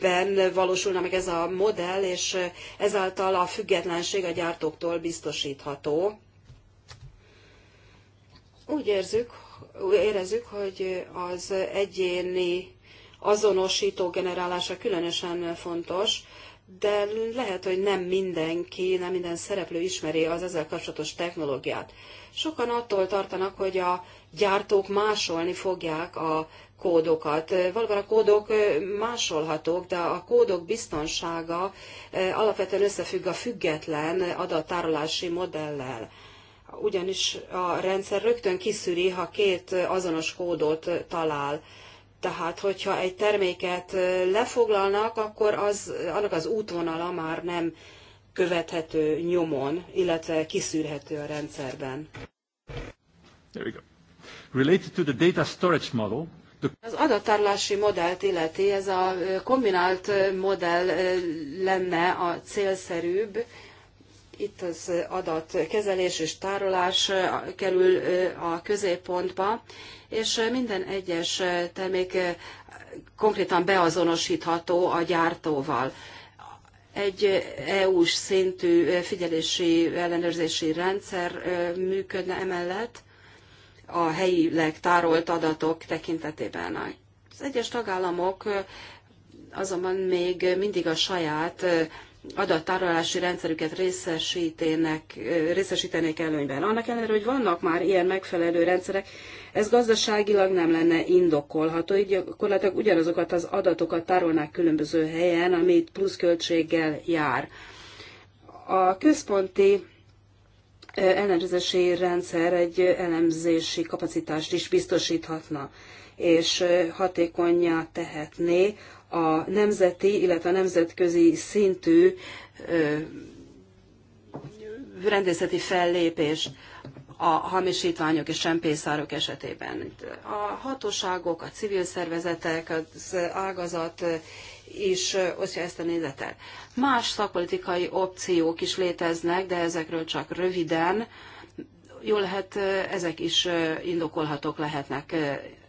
A: ben valósulna meg ez a modell, és ezáltal a függetlenség a gyártóktól biztosítható. Úgy érzük, érezzük, hogy az egyéni azonosító generálása különösen fontos, de lehet, hogy nem mindenki, nem minden szereplő ismeri az ezzel kapcsolatos technológiát. Sokan attól tartanak, hogy a gyártók másolni fogják a kódokat. Valóban a kódok másolhatók, de a kódok biztonsága alapvetően összefügg a független adattárolási modellel. Ugyanis a rendszer rögtön kiszűri, ha két azonos kódot talál. Tehát, hogyha egy terméket lefoglalnak, akkor az, annak az útvonala már nem követhető nyomon, illetve kiszűrhető a rendszerben.
D: There we go. Related to the data storage model,
A: az adattárlási modellt illeti, ez a kombinált modell lenne a célszerűbb. Itt az adatkezelés és tárolás kerül a középpontba, és minden egyes termék konkrétan beazonosítható a gyártóval. Egy EU-s szintű figyelési ellenőrzési rendszer működne emellett, a helyileg tárolt adatok tekintetében. Az egyes tagállamok azonban még mindig a saját adattárolási rendszerüket részesítenek, részesítenék előnyben. Annak ellenére, hogy vannak már ilyen megfelelő rendszerek, ez gazdaságilag nem lenne indokolható, így gyakorlatilag ugyanazokat az adatokat tárolnák különböző helyen, amit pluszköltséggel jár. A központi ellenőrzési rendszer egy elemzési kapacitást is biztosíthatna, és hatékonyá tehetné a nemzeti, illetve a nemzetközi szintű rendészeti fellépés a hamisítványok és csempészárok esetében. A hatóságok, a civil szervezetek, az ágazat is osztja ezt a nézetet. Más szakpolitikai opciók is léteznek, de ezekről csak röviden. Jó lehet, ezek is indokolhatók lehetnek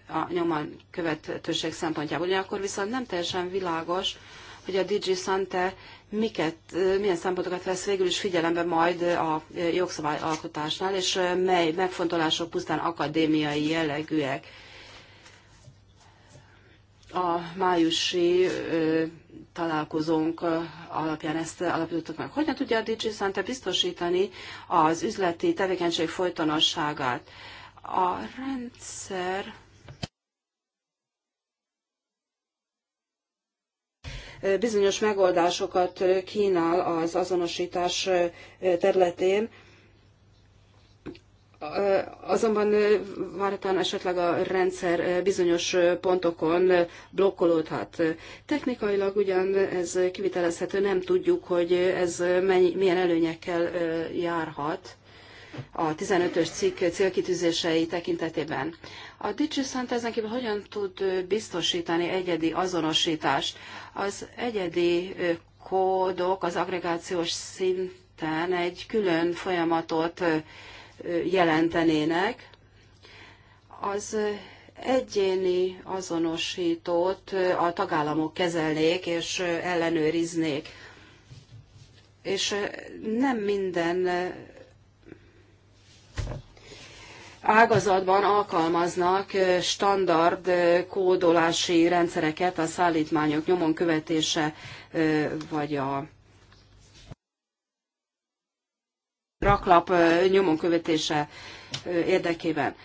A: a nyomon követőség szempontjából. Ugyanakkor viszont nem teljesen világos, hogy a DG Sante miket, milyen szempontokat vesz végül is figyelembe majd a jogszabályalkotásnál, és mely megfontolások pusztán akadémiai jellegűek a májusi ö, találkozónk alapján ezt alapítottuk meg. Hogyan tudja a DJ Santa biztosítani az üzleti tevékenység folytonosságát? A rendszer bizonyos megoldásokat kínál az azonosítás területén, Azonban várhatóan esetleg a rendszer bizonyos pontokon blokkolódhat. Technikailag ugyan ez kivitelezhető, nem tudjuk, hogy ez mennyi, milyen előnyekkel járhat a 15-ös cikk célkitűzései tekintetében. A DigiSant ezen kívül hogyan tud biztosítani egyedi azonosítást? Az egyedi kódok az agregációs szinten egy külön folyamatot jelentenének, az egyéni azonosítót a tagállamok kezelnék és ellenőriznék. És nem minden ágazatban alkalmaznak standard kódolási rendszereket a szállítmányok nyomon követése vagy a raklap nyomon követése érdekében.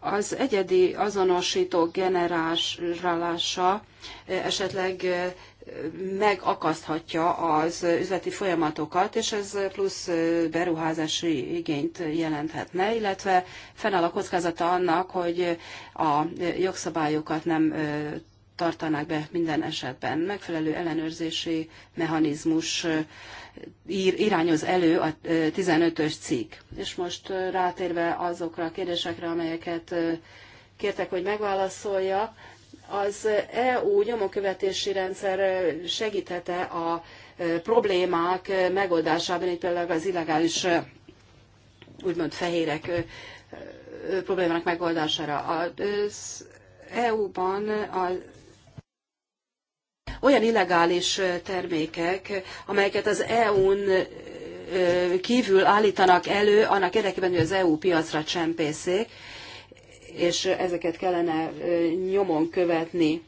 A: Az egyedi azonosító generálása esetleg megakaszthatja az üzleti folyamatokat, és ez plusz beruházási igényt jelenthetne, illetve fennáll a kockázata annak, hogy a jogszabályokat nem tartanák be minden esetben. Megfelelő ellenőrzési mechanizmus ír, irányoz elő a 15-ös cikk. És most rátérve azokra a kérdésekre, amelyeket kértek, hogy megválaszolja, az EU nyomokövetési rendszer segítete a problémák megoldásában, így például az illegális úgymond fehérek problémának megoldására. Az EU-ban az olyan illegális termékek, amelyeket az EU-n kívül állítanak elő, annak érdekében, hogy az EU piacra csempészék, és ezeket kellene nyomon követni.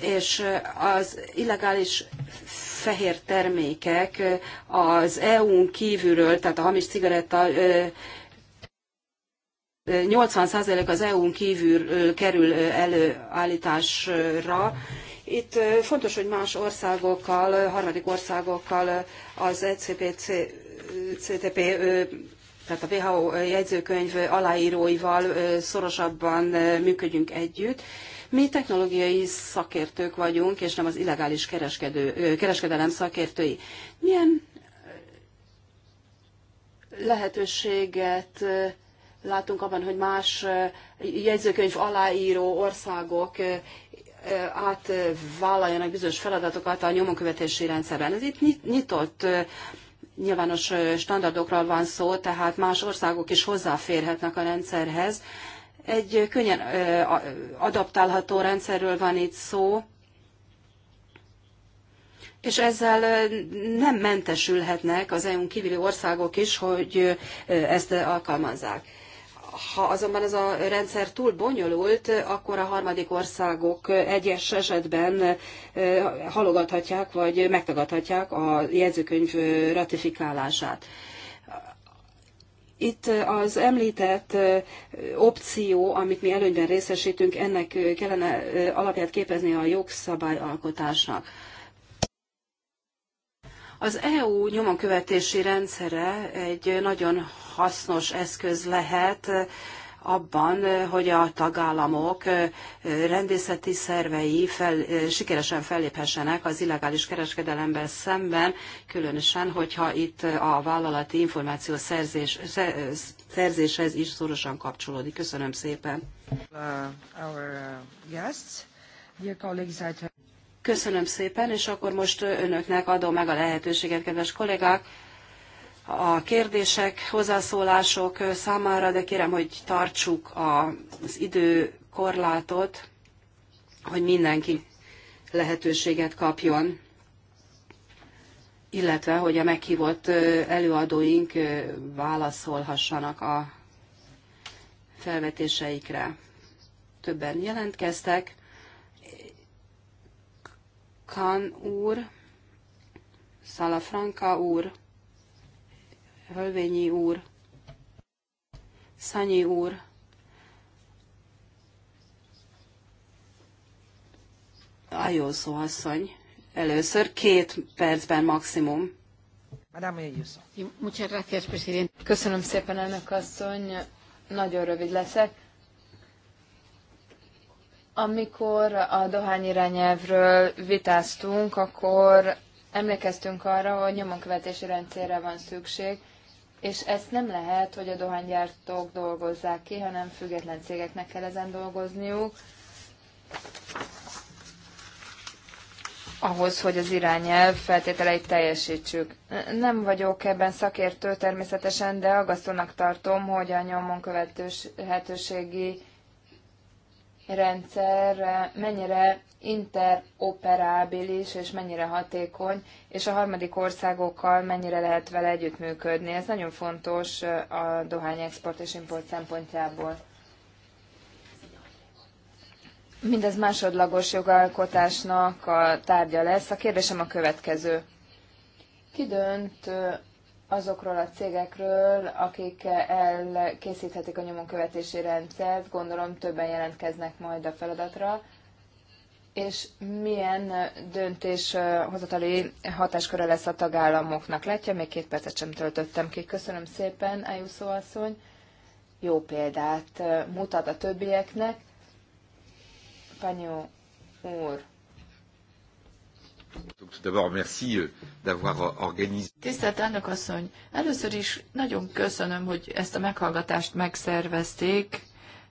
A: És az illegális fehér termékek az EU-n kívülről, tehát a hamis cigaretta 80% az EU-n kívül kerül előállításra, itt fontos, hogy más országokkal, harmadik országokkal az ECPC, CTP, tehát a WHO jegyzőkönyv aláíróival szorosabban működjünk együtt. Mi technológiai szakértők vagyunk, és nem az illegális kereskedő, kereskedelem szakértői. Milyen lehetőséget látunk abban, hogy más jegyzőkönyv aláíró országok átvállaljanak bizonyos feladatokat a nyomonkövetési rendszerben. Ez itt nyitott nyilvános standardokról van szó, tehát más országok is hozzáférhetnek a rendszerhez. Egy könnyen adaptálható rendszerről van itt szó, és ezzel nem mentesülhetnek az EU-n kívüli országok is, hogy ezt alkalmazzák. Ha azonban ez a rendszer túl bonyolult, akkor a harmadik országok egyes esetben halogathatják, vagy megtagadhatják a jegyzőkönyv ratifikálását. Itt az említett opció, amit mi előnyben részesítünk, ennek kellene alapját képezni a jogszabályalkotásnak. Az EU nyomonkövetési rendszere egy nagyon hasznos eszköz lehet abban, hogy a tagállamok rendészeti szervei fel, sikeresen felléphessenek az illegális kereskedelemmel szemben, különösen, hogyha itt a vállalati információ szerzés, szerzéshez is szorosan kapcsolódik. Köszönöm szépen. Uh, uh, Köszönöm szépen, és akkor most önöknek adom meg a lehetőséget, kedves kollégák, a kérdések, hozzászólások számára, de kérem, hogy tartsuk az időkorlátot, hogy mindenki lehetőséget kapjon, illetve hogy a meghívott előadóink válaszolhassanak a felvetéseikre. Többen jelentkeztek. Kan úr, Salafranca úr, Hölvényi úr, Szanyi úr, Ajózó asszony, először két percben maximum.
C: Köszönöm szépen, elnök asszony. Nagyon rövid leszek. Amikor a dohányirányelvről vitáztunk, akkor emlékeztünk arra, hogy nyomonkövetési rendszerre van szükség, és ezt nem lehet, hogy a dohánygyártók dolgozzák ki, hanem független cégeknek kell ezen dolgozniuk, ahhoz, hogy az irányelv feltételeit teljesítsük. Nem vagyok ebben szakértő természetesen, de aggasztónak tartom, hogy a nyomon követős lehetőségi rendszer mennyire interoperábilis és mennyire hatékony, és a harmadik országokkal mennyire lehet vele együttműködni. Ez nagyon fontos eh, a dohány export és import szempontjából. Mindez másodlagos jogalkotásnak a tárgya lesz. A kérdésem a következő. Ki dönt eh, azokról a cégekről, akik elkészíthetik a nyomonkövetési rendszert, gondolom többen jelentkeznek majd a feladatra, és milyen döntéshozatali hatásköre lesz a tagállamoknak. Látja, még két percet sem töltöttem ki. Köszönöm szépen, Ájuszó asszony. Jó példát mutat a többieknek. Panyó úr,
D: Euh, euh,
B: Tisztelt elnök asszony, először is nagyon köszönöm, hogy ezt a meghallgatást megszervezték.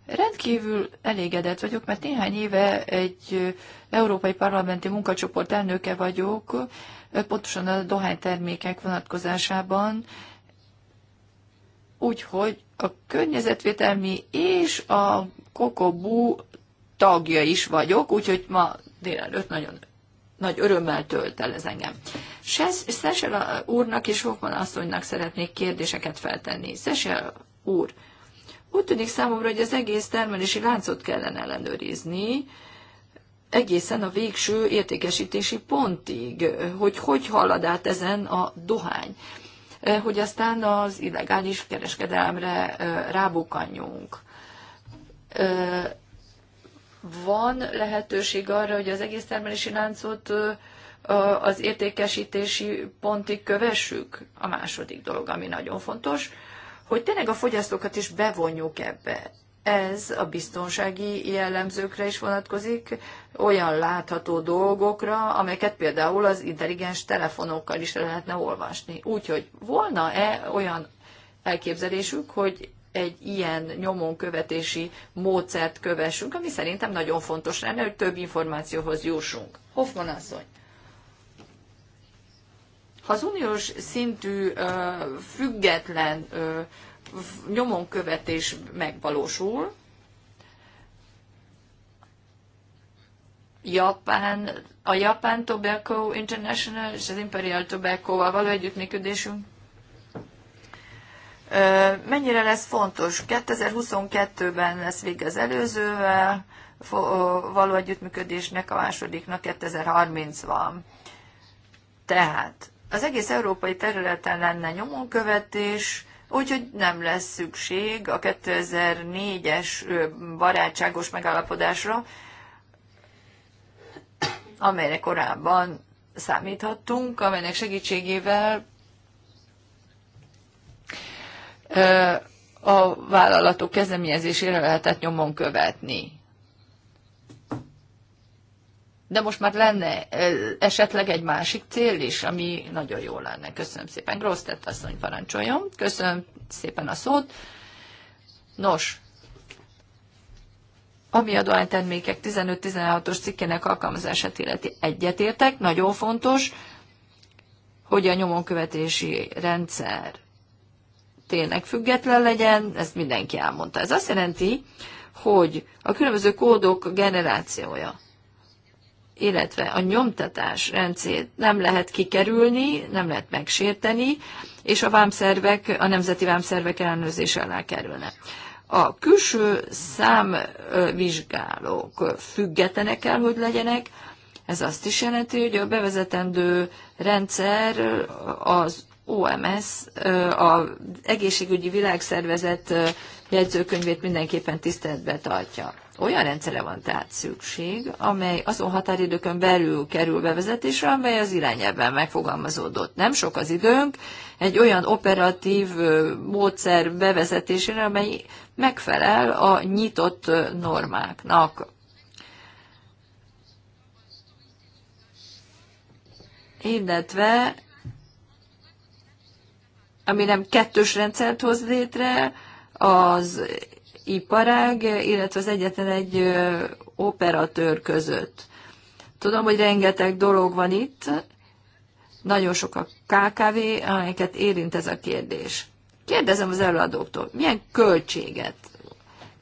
B: Rendkívül elégedett vagyok, mert néhány éve egy európai parlamenti munkacsoport elnöke vagyok, pontosan a dohánytermékek vonatkozásában, úgyhogy a környezetvételmi és a kokobú tagja is vagyok, úgyhogy ma délelőtt nagyon nagy örömmel tölt el ez engem. Szesel úrnak és Hoffman asszonynak szeretnék kérdéseket feltenni. Szesel úr, úgy tűnik számomra, hogy az egész termelési láncot kellene ellenőrizni, egészen a végső értékesítési pontig, hogy hogy halad át ezen a dohány, hogy aztán az illegális kereskedelemre rábukanjunk van lehetőség arra, hogy az egész termelési láncot az értékesítési pontig kövessük? A második dolog, ami nagyon fontos, hogy tényleg a fogyasztókat is bevonjuk ebbe. Ez a biztonsági jellemzőkre is vonatkozik, olyan látható dolgokra, amelyeket például az intelligens telefonokkal is lehetne olvasni. Úgyhogy volna-e olyan elképzelésük, hogy egy ilyen nyomonkövetési módszert kövessünk, ami szerintem nagyon fontos lenne, hogy több információhoz jussunk. Hoffman asszony. Ha az uniós szintű ö, független ö, nyomonkövetés megvalósul, Japán, a Japán Tobacco International és az Imperial Tobacco-val való együttműködésünk Mennyire lesz fontos? 2022-ben lesz vége az előzővel, való együttműködésnek a másodiknak 2030 van. Tehát az egész európai területen lenne nyomonkövetés, úgyhogy nem lesz szükség a 2004-es barátságos megállapodásra, amelyre korábban számíthattunk, amelynek segítségével a vállalatok kezdeményezésére lehetett nyomon követni. De most már lenne esetleg egy másik cél is, ami nagyon jó lenne. Köszönöm szépen. Grosztett asszony parancsoljon. Köszönöm szépen a szót. Nos, ami a dohánytermékek 15-16-os cikkének alkalmazását illeti egyetértek, nagyon fontos, hogy a nyomonkövetési rendszer tényleg független legyen, ezt mindenki elmondta. Ez azt jelenti, hogy a különböző kódok generációja, illetve a nyomtatás rendszét nem lehet kikerülni, nem lehet megsérteni, és a vámszervek, a nemzeti vámszervek ellenőrzés alá kerülne. A külső számvizsgálók függetlenek kell, hogy legyenek. Ez azt is jelenti, hogy a bevezetendő rendszer az OMS, az Egészségügyi Világszervezet jegyzőkönyvét mindenképpen tiszteletbe tartja. Olyan rendszere van tehát szükség, amely azon határidőkön belül kerül bevezetésre, amely az irányelven megfogalmazódott. Nem sok az időnk egy olyan operatív módszer bevezetésére, amely megfelel a nyitott normáknak. Illetve ami nem kettős rendszert hoz létre, az iparág, illetve az egyetlen egy operatőr között. Tudom, hogy rengeteg dolog van itt, nagyon sok a KKV, amelyeket érint ez a kérdés. Kérdezem az előadóktól, milyen költséget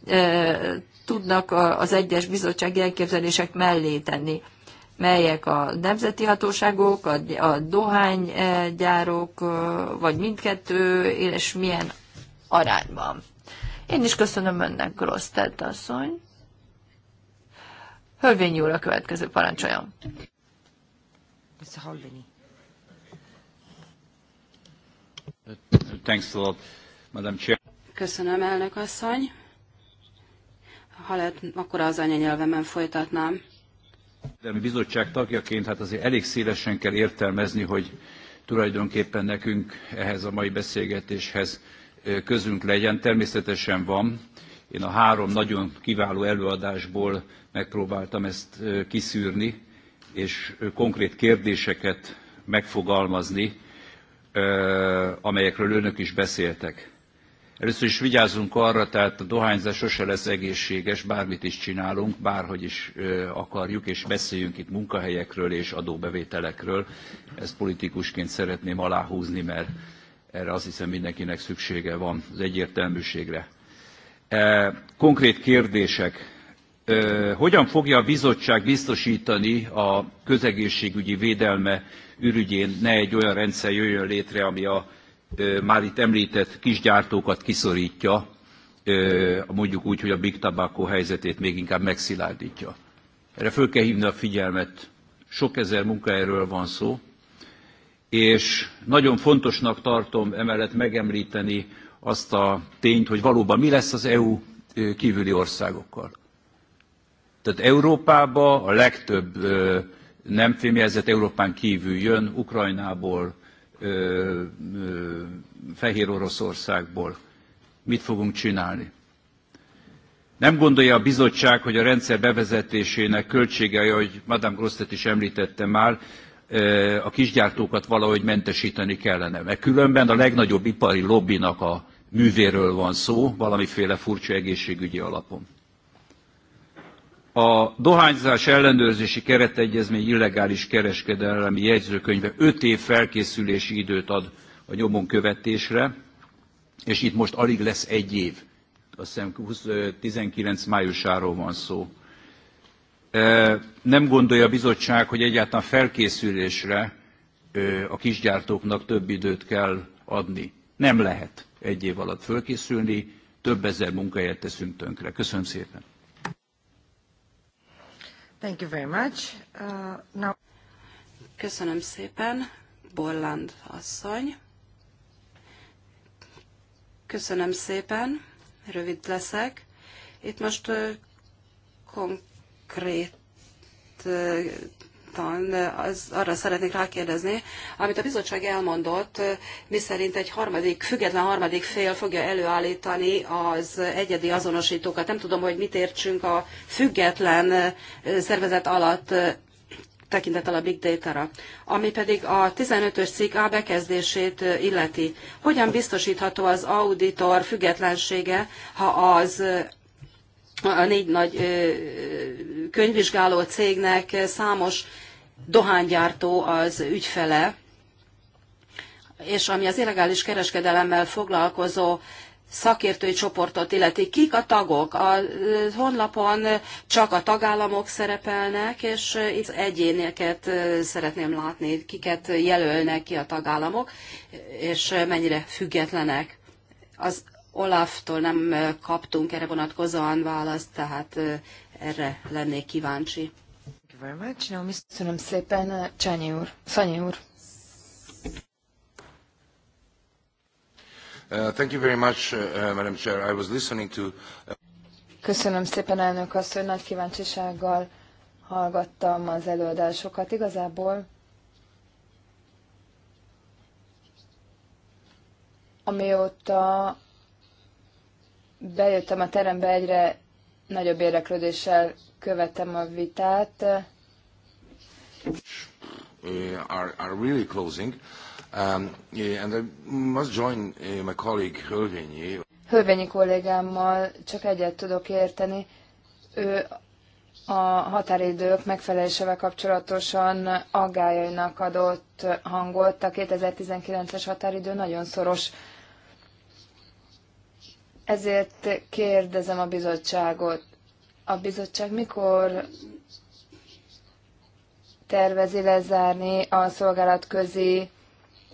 B: e, tudnak az egyes bizottsági elképzelések mellé tenni melyek a nemzeti hatóságok, a, a dohánygyárok, vagy mindkettő, és milyen arányban. Én is köszönöm önnek, Tett asszony. Hölvény úr a következő parancsoljon.
D: Thanks a lot, Madam Chair.
A: Köszönöm, elnök asszony. Ha lehet, akkor az anyanyelvemen folytatnám.
D: A bizottság tagjaként hát azért elég szélesen kell értelmezni, hogy tulajdonképpen nekünk ehhez a mai beszélgetéshez közünk legyen. Természetesen van. Én a három nagyon kiváló előadásból megpróbáltam ezt kiszűrni, és konkrét kérdéseket megfogalmazni, amelyekről önök is beszéltek. Először is vigyázzunk arra, tehát a dohányzás sose lesz egészséges, bármit is csinálunk, bárhogy is akarjuk, és beszéljünk itt munkahelyekről és adóbevételekről. Ezt politikusként szeretném aláhúzni, mert erre azt hiszem mindenkinek szüksége van, az egyértelműségre. E, konkrét kérdések. E, hogyan fogja a bizottság biztosítani a közegészségügyi védelme ürügyén ne egy olyan rendszer jöjjön létre, ami a már itt említett kisgyártókat kiszorítja, mondjuk úgy, hogy a Big Tobacco helyzetét még inkább megszilárdítja. Erre föl kell hívni a figyelmet. Sok ezer munkaerről van szó, és nagyon fontosnak tartom emellett megemlíteni azt a tényt, hogy valóban mi lesz az EU kívüli országokkal. Tehát Európába a legtöbb nem fémjelzett Európán kívül jön, Ukrajnából, ö, ö, Fehér Oroszországból. Mit fogunk csinálni? Nem gondolja a bizottság, hogy a rendszer bevezetésének költségei, ahogy Madame Grosztet is említette már, a kisgyártókat valahogy mentesíteni kellene. Mert különben a legnagyobb ipari lobbinak a művéről van szó, valamiféle furcsa egészségügyi alapon a dohányzás ellenőrzési keretegyezmény illegális kereskedelmi jegyzőkönyve 5 év felkészülési időt ad a nyomon követésre, és itt most alig lesz egy év. Azt hiszem 19 májusáról van szó. Nem gondolja a bizottság, hogy egyáltalán felkészülésre a kisgyártóknak több időt kell adni. Nem lehet egy év alatt fölkészülni, több ezer munkahelyet teszünk tönkre. Köszönöm szépen!
A: Thank you very much. Uh, now... Köszönöm szépen, Bolland asszony. Köszönöm szépen, rövid leszek. Itt most konkrét konkrétan az, arra szeretnék rákérdezni, amit a bizottság elmondott, miszerint egy harmadik, független harmadik fél fogja előállítani az egyedi azonosítókat. Nem tudom, hogy mit értsünk a független szervezet alatt tekintettel a big data-ra, ami pedig a 15-ös cikk A bekezdését illeti. Hogyan biztosítható az auditor függetlensége, ha az a négy nagy könyvvizsgáló cégnek számos dohánygyártó az ügyfele, és ami az illegális kereskedelemmel foglalkozó szakértői csoportot illeti. Kik a tagok? A eh, honlapon csak a tagállamok szerepelnek, és eh, itt egyéneket eh, szeretném látni, kiket jelölnek ki a tagállamok, és mennyire függetlenek. Az Olaftól nem kaptunk erre vonatkozóan választ, tehát erre lennék kíváncsi very much. Now, Köszönöm
C: szépen, Csányi úr. Szanyi úr.
D: Uh, thank you very much, uh, Madam Chair. I was listening to... Uh,
C: Köszönöm szépen, elnök asszony, nagy kíváncsisággal hallgattam az előadásokat. Igazából amióta bejöttem a terembe, egyre nagyobb érdeklődéssel követem a vitát.
D: Are, are really closing. Um, and I must join uh, my colleague Hölvényi.
C: Hölvényi kollégámmal csak egyet tudok érteni. Ő a határidők megfelelésével kapcsolatosan aggájainak adott hangot. A 2019-es határidő nagyon szoros. Ezért kérdezem a bizottságot, a bizottság mikor tervezi lezárni a szolgálatközi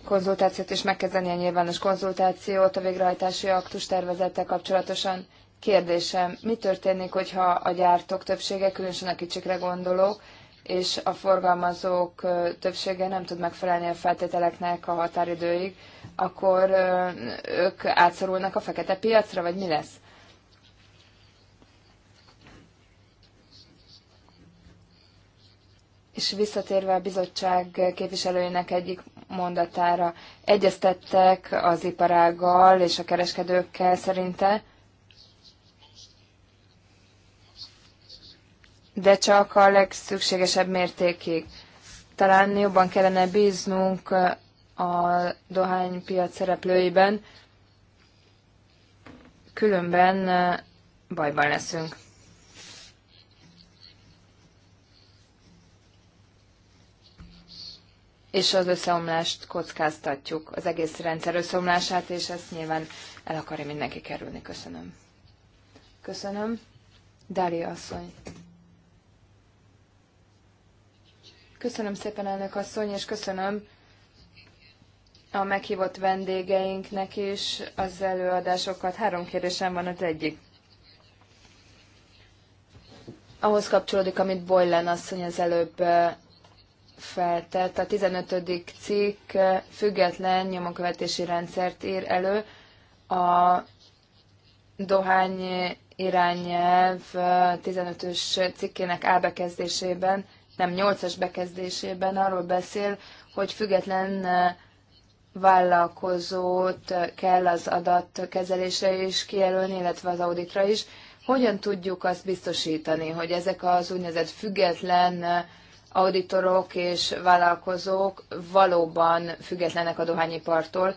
C: konzultációt és megkezdeni a nyilvános konzultációt a végrehajtási aktus tervezettel kapcsolatosan. Kérdésem, mi történik, hogyha a gyártók többsége, különösen a kicsikre gondolók, és a forgalmazók többsége nem tud megfelelni a feltételeknek a határidőig, akkor ők átszorulnak a fekete piacra, vagy mi lesz? És visszatérve a bizottság képviselőjének egyik mondatára, egyeztettek az iparággal és a kereskedőkkel szerinte, de csak a legszükségesebb mértékig. Talán jobban kellene bíznunk a dohánypiac szereplőiben, különben bajban leszünk. és az összeomlást kockáztatjuk, az egész rendszer összeomlását, és ezt nyilván el akarja mindenki kerülni. Köszönöm. Köszönöm. Dália asszony. Köszönöm szépen, elnök asszony, és köszönöm a meghívott vendégeinknek is az előadásokat. Három kérdésem van az egyik. Ahhoz kapcsolódik, amit Boylan asszony az előbb eh, feltett. A 15. cikk független nyomonkövetési rendszert ír elő. A dohány irányelv 15-ös cikkének A bekezdésében, nem 8-as bekezdésében arról beszél, hogy független vállalkozót kell az adatkezelésre is kijelölni, illetve az auditra is. Hogyan tudjuk azt biztosítani, hogy ezek az úgynevezett független auditorok és vállalkozók valóban függetlenek a dohányipartól.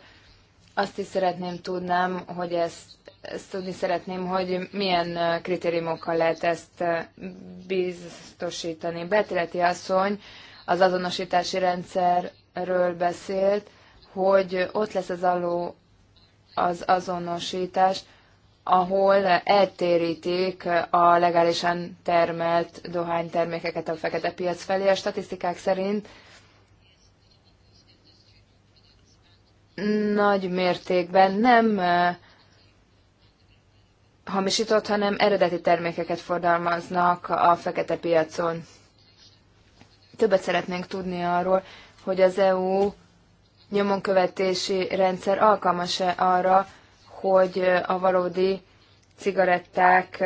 C: Azt is szeretném tudnám, hogy ezt, ezt tudni szeretném, hogy milyen kritériumokkal lehet ezt biztosítani. Betileti asszony az azonosítási rendszerről beszélt, hogy ott lesz az aló az azonosítás, ahol eltérítik a legálisan termelt dohánytermékeket a fekete piac felé. A statisztikák szerint nagy mértékben nem eh, hamisított, hanem eredeti termékeket fordalmaznak a fekete piacon. Többet szeretnénk tudni arról, hogy az EU nyomonkövetési rendszer alkalmas-e arra, hogy a valódi cigaretták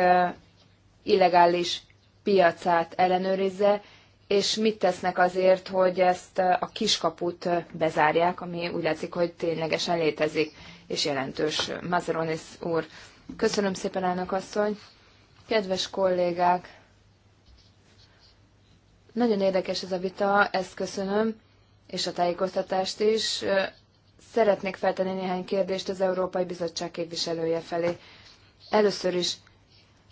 C: illegális piacát ellenőrizze, és mit tesznek azért, hogy ezt a kiskaput bezárják, ami úgy látszik, hogy ténylegesen létezik, és jelentős. Mazeronis úr, köszönöm szépen, elnök asszony. Kedves kollégák, nagyon érdekes ez a vita, ezt köszönöm, és a tájékoztatást is. Szeretnék feltenni néhány kérdést az Európai Bizottság képviselője felé. Először is,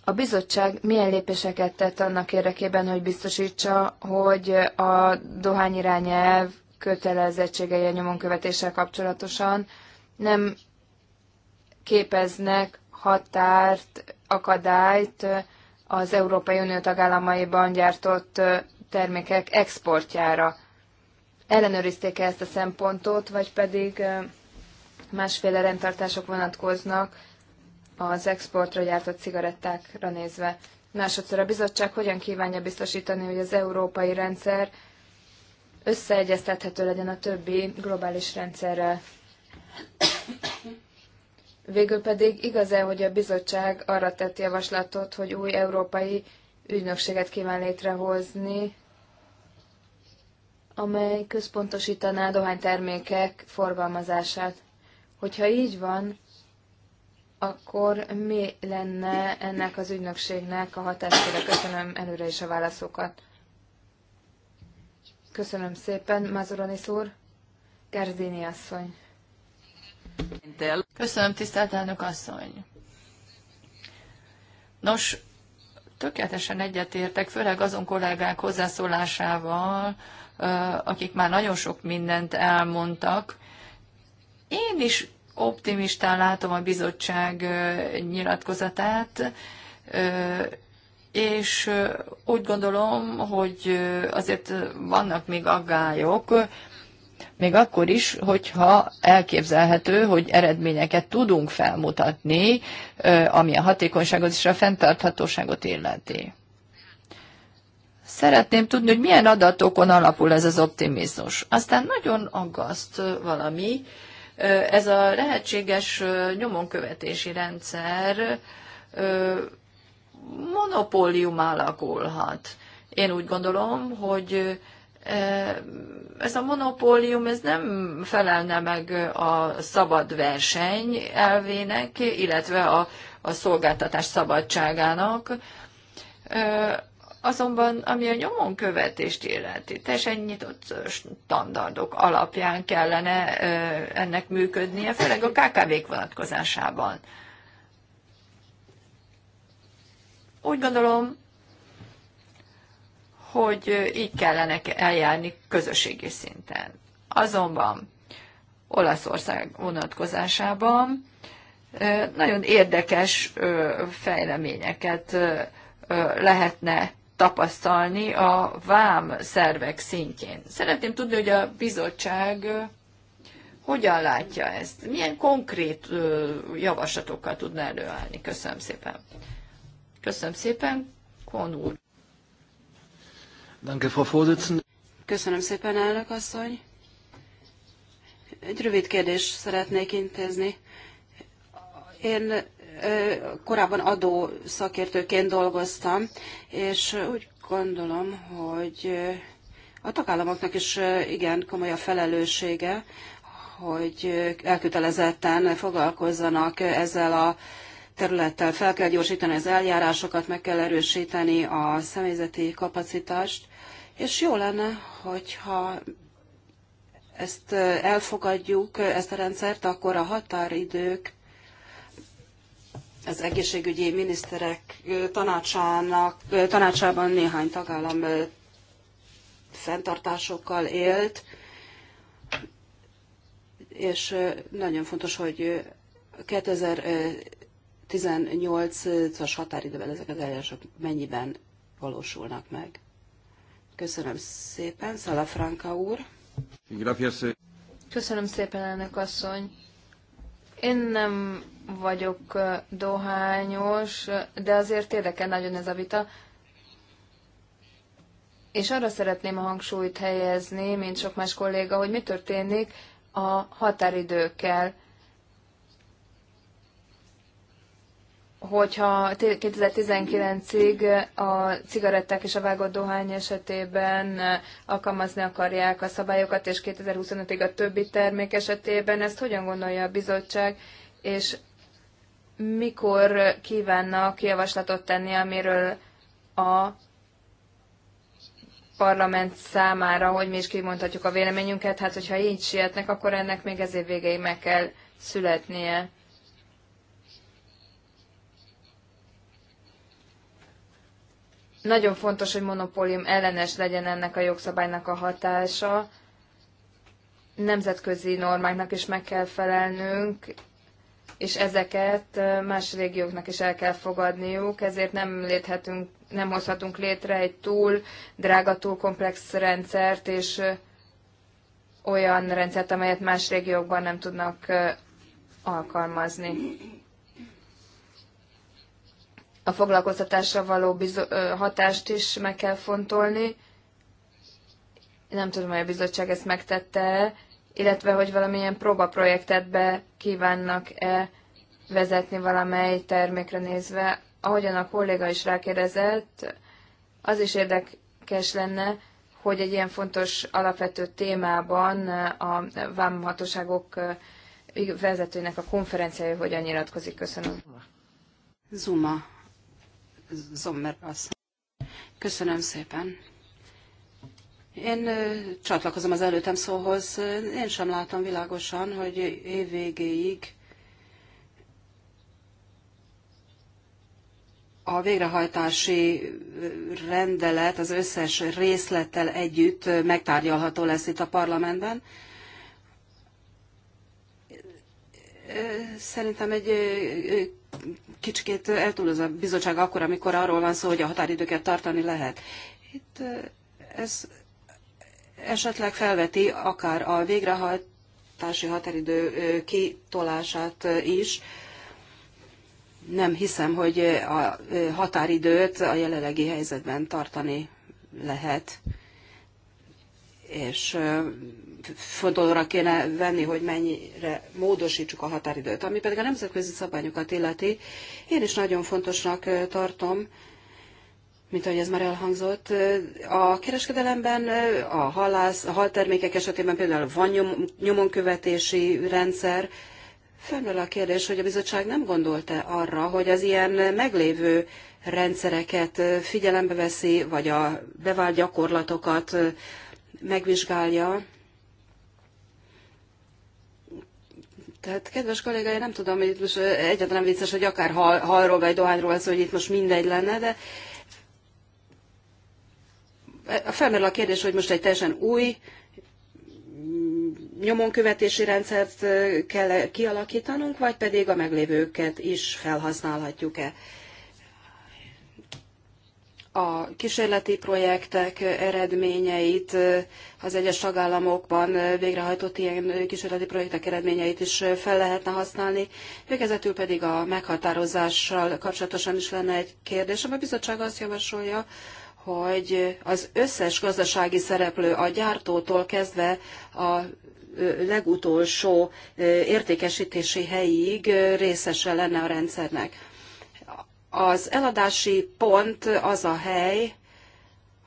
C: a bizottság milyen lépéseket tett annak érdekében, hogy biztosítsa, hogy a dohányirányelv kötelezettségei a nyomon követéssel kapcsolatosan nem képeznek határt, akadályt az Európai Unió tagállamaiban gyártott termékek exportjára ellenőrizték -e ezt a szempontot, vagy pedig másféle rendtartások vonatkoznak az exportra gyártott cigarettákra nézve. Másodszor a bizottság hogyan kívánja biztosítani, hogy az európai rendszer összeegyeztethető legyen a többi globális rendszerrel. Végül pedig igaz-e, hogy a bizottság arra tett javaslatot, hogy új európai ügynökséget kíván létrehozni, amely központosítaná a dohánytermékek forgalmazását. Hogyha így van, akkor mi lenne ennek az ügynökségnek a hatására Köszönöm előre is a válaszokat. Köszönöm szépen, Mazuronis úr. Gerzini asszony.
B: Köszönöm, tisztelt elnök asszony. Nos, tökéletesen egyetértek, főleg azon kollégák hozzászólásával, akik már nagyon sok mindent elmondtak. Én is optimistán látom a bizottság nyilatkozatát, és úgy gondolom, hogy azért vannak még aggályok, még akkor is, hogyha elképzelhető, hogy eredményeket tudunk felmutatni, ami a hatékonyságot és a fenntarthatóságot illeti. Szeretném tudni, hogy milyen adatokon alapul ez az optimizmus. Aztán nagyon aggaszt valami, ez a lehetséges nyomonkövetési rendszer monopólium alakulhat. Én úgy gondolom, hogy ez a monopólium ez nem felelne meg a szabad verseny elvének, illetve a, a szolgáltatás szabadságának. Azonban, ami a nyomon követést illeti, teljesen nyitott standardok alapján kellene ennek működnie, főleg a KKV-k vonatkozásában. Úgy gondolom, hogy így kellene eljárni közösségi szinten. Azonban Olaszország vonatkozásában nagyon érdekes fejleményeket lehetne tapasztalni a vám szervek szintjén. Szeretném tudni, hogy a bizottság hogyan látja ezt, milyen konkrét javaslatokkal tudna előállni. Köszönöm szépen. Köszönöm
A: szépen, Kon úr. Köszönöm szépen, elnök asszony. Egy rövid kérdést szeretnék intézni. Én korábban adó szakértőként dolgoztam, és úgy gondolom, hogy a tagállamoknak is igen komoly a felelőssége, hogy elkötelezetten foglalkozzanak ezzel a területtel. Fel kell gyorsítani az eljárásokat, meg kell erősíteni a személyzeti kapacitást, és jó lenne, hogyha ezt elfogadjuk, ezt a rendszert, akkor a határidők az egészségügyi miniszterek tanácsának, tanácsában néhány tagállam fenntartásokkal élt, és nagyon fontos, hogy 2018-as határidőben ezek az eljárások mennyiben valósulnak meg. Köszönöm szépen, Franka úr. Köszönöm szépen, elnök asszony.
C: Én nem vagyok dohányos, de azért érdekel nagyon ez a vita. És arra szeretném a hangsúlyt helyezni, mint sok más kolléga, hogy mi történik a határidőkkel. Hogyha 2019-ig a cigaretták és a vágott dohány esetében alkalmazni akarják a szabályokat, és 2025-ig a többi termék esetében, ezt hogyan gondolja a bizottság, és mikor kívánnak javaslatot tenni, amiről a parlament számára, hogy mi is kimondhatjuk a véleményünket, hát hogyha így sietnek, akkor ennek még ezért év végéig meg kell születnie. Nagyon fontos, hogy monopólium ellenes legyen ennek a jogszabálynak a hatása. Nemzetközi normáknak is meg kell felelnünk, és ezeket más régióknak is el kell fogadniuk, ezért nem léthetünk, nem hozhatunk létre egy túl drága, túl komplex rendszert, és olyan rendszert, amelyet más régiókban nem tudnak alkalmazni. A foglalkoztatásra való hatást is meg kell fontolni. Nem tudom, hogy a bizottság ezt megtette illetve hogy valamilyen próbaprojektet be kívánnak-e vezetni valamely termékre nézve. Ahogyan a kolléga is rákérdezett, az is érdekes lenne, hogy egy ilyen fontos alapvető témában a vámhatóságok vezetőinek a konferenciája hogyan nyilatkozik. Köszönöm.
A: Zuma. Zommer Köszönöm szépen. Én csatlakozom az előttem szóhoz. Én sem látom világosan, hogy év végéig a végrehajtási rendelet az összes részlettel együtt megtárgyalható lesz itt a parlamentben. Szerintem egy kicsikét eltúloz a bizottság akkor, amikor arról van szó, hogy a határidőket tartani lehet. Itt ez esetleg felveti akár a végrehajtási határidő kitolását is. Nem hiszem, hogy a határidőt a jelenlegi helyzetben tartani lehet, és fontolóra kéne venni, hogy mennyire módosítsuk a határidőt. Ami pedig a nemzetközi szabályokat illeti, én is nagyon fontosnak tartom, mint ahogy ez már elhangzott. A kereskedelemben a halász, a haltermékek esetében például van nyom, nyomonkövetési rendszer. Felmerül a kérdés, hogy a bizottság nem gondolta arra, hogy az ilyen meglévő rendszereket figyelembe veszi, vagy a bevált gyakorlatokat megvizsgálja. Tehát, kedves kollégája, nem tudom, hogy most egyáltalán vicces, hogy akár hal, halról vagy dohányról van szó, hogy itt most mindegy lenne, de felmerül a kérdés, hogy most egy teljesen új nyomonkövetési rendszert kell kialakítanunk, vagy pedig a meglévőket is felhasználhatjuk-e. A kísérleti projektek eredményeit, az egyes tagállamokban végrehajtott ilyen kísérleti projektek eredményeit is fel lehetne használni. Végezetül pedig a meghatározással kapcsolatosan is lenne egy kérdés. A bizottság azt javasolja, hogy az összes gazdasági szereplő a gyártótól kezdve a legutolsó értékesítési helyig részese lenne a rendszernek. Az eladási pont az a hely,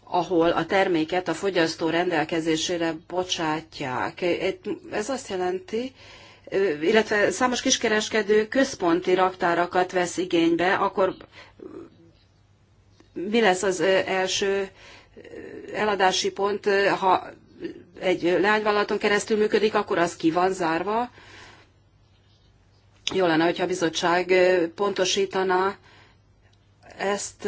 A: ahol a terméket a fogyasztó rendelkezésére bocsátják. Ez azt jelenti, illetve számos kiskereskedő központi raktárakat vesz igénybe, akkor mi lesz az első eladási pont, ha egy leányvállalaton keresztül működik, akkor az ki van zárva. Jó lenne, hogyha a bizottság pontosítaná ezt,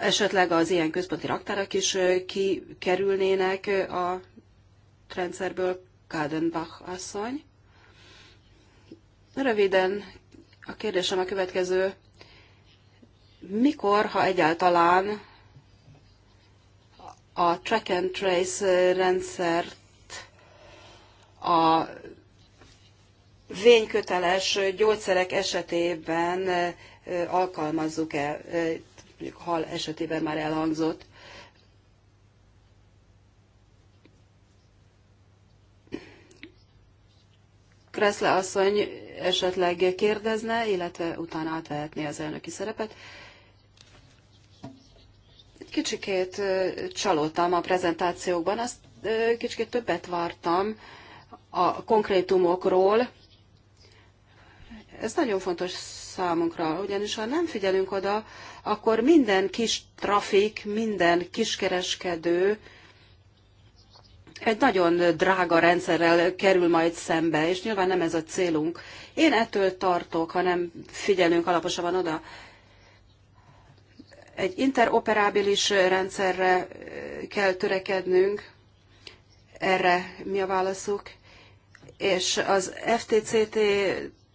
A: esetleg az ilyen központi raktárak is kikerülnének a rendszerből, kádenbach asszony. Röviden a kérdésem a következő mikor, ha egyáltalán a track and trace rendszert a vényköteles gyógyszerek esetében alkalmazzuk-e, mondjuk hal esetében már elhangzott. Kreszle asszony esetleg kérdezne, illetve utána átvehetné az elnöki szerepet. Kicsikét csalódtam a prezentációkban, azt kicsikét többet vártam a konkrétumokról. Ez nagyon fontos számunkra, ugyanis ha nem figyelünk oda, akkor minden kis trafik, minden kiskereskedő egy nagyon drága rendszerrel kerül majd szembe, és nyilván nem ez a célunk. Én ettől tartok, ha nem figyelünk alaposabban oda. Egy interoperábilis rendszerre eh, kell törekednünk, erre mi a válaszuk, és az FTCT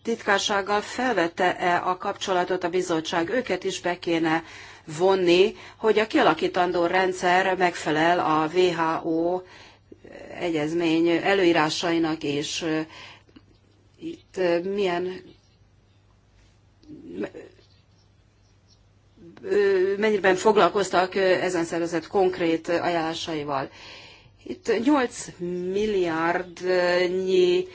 A: titkársággal felvette-e a kapcsolatot a bizottság? Őket is be kéne vonni, hogy a kialakítandó rendszer megfelel a WHO egyezmény előírásainak, és eh, itt eh, milyen mennyiben foglalkoztak ezen szervezet konkrét ajánlásaival. Itt 8 milliárdnyi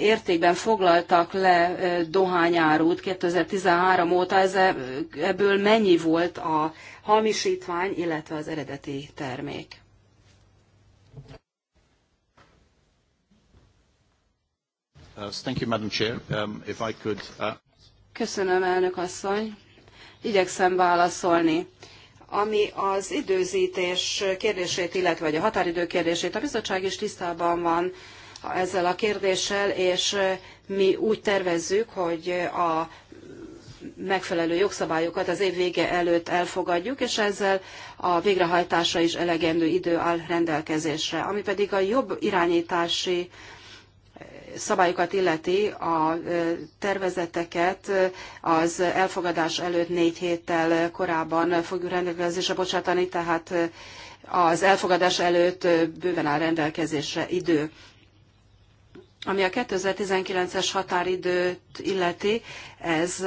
A: értékben foglaltak le dohányárút 2013 óta, ez, e, ebből mennyi volt a hamisítvány, illetve az eredeti termék?
D: Uh, um, uh,
A: Köszönöm, elnök asszony igyekszem válaszolni. Ami az időzítés kérdését, illetve a határidő kérdését, a bizottság is tisztában van ezzel a kérdéssel, és mi úgy tervezzük, hogy a megfelelő jogszabályokat az év vége előtt elfogadjuk, és ezzel a végrehajtásra is elegendő idő áll rendelkezésre. Ami pedig a jobb irányítási szabályokat illeti a tervezeteket, az elfogadás előtt négy héttel korábban fogjuk rendelkezésre bocsátani, tehát az elfogadás előtt bőven áll rendelkezésre idő. Ami a 2019-es határidőt illeti, ez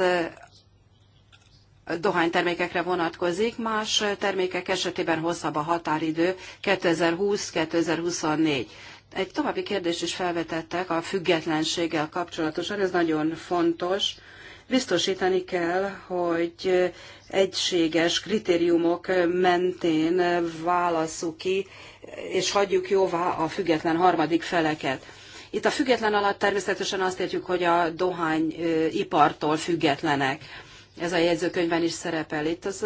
A: dohánytermékekre vonatkozik, más termékek esetében hosszabb a határidő 2020-2024. Egy további kérdést is felvetettek a függetlenséggel kapcsolatosan, ez nagyon fontos. Biztosítani kell, hogy egységes kritériumok mentén válasszuk ki, és hagyjuk jóvá a független harmadik feleket. Itt a független alatt természetesen azt értjük, hogy a dohányipartól függetlenek. Ez a jegyzőkönyvben is szerepel. Itt az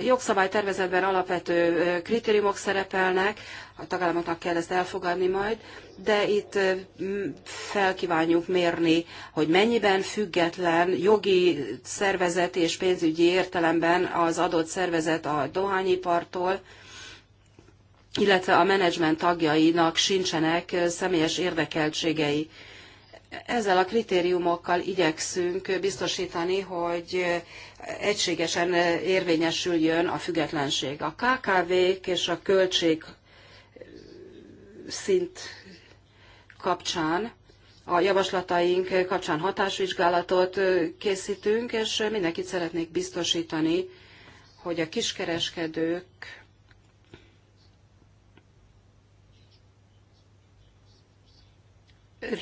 A: jogszabálytervezetben alapvető kritériumok szerepelnek, a tagállamoknak kell ezt elfogadni majd, de itt felkívánjuk mérni, hogy mennyiben független jogi szervezet és pénzügyi értelemben az adott szervezet a dohányipartól, illetve a menedzsment tagjainak sincsenek személyes érdekeltségei. Ezzel a kritériumokkal igyekszünk biztosítani, hogy egységesen érvényesüljön a függetlenség. A KKV-k és a költség szint kapcsán a javaslataink kapcsán hatásvizsgálatot készítünk, és mindenkit szeretnék biztosítani, hogy a kiskereskedők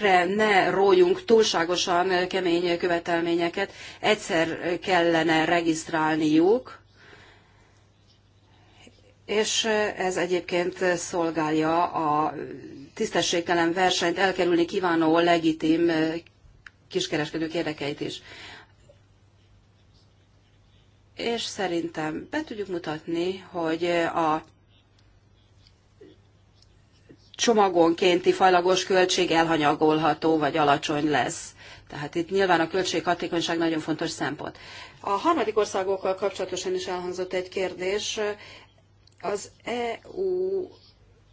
A: re ne rójunk túlságosan kemény követelményeket, egyszer kellene regisztrálniuk, és ez egyébként szolgálja a tisztességtelen versenyt elkerülni kívánó legitim kiskereskedők érdekeit is. És szerintem be tudjuk mutatni, hogy a csomagonkénti fajlagos költség elhanyagolható vagy alacsony lesz. Tehát itt nyilván a költséghatékonyság nagyon fontos szempont. A harmadik országokkal kapcsolatosan is elhangzott egy kérdés. Az EU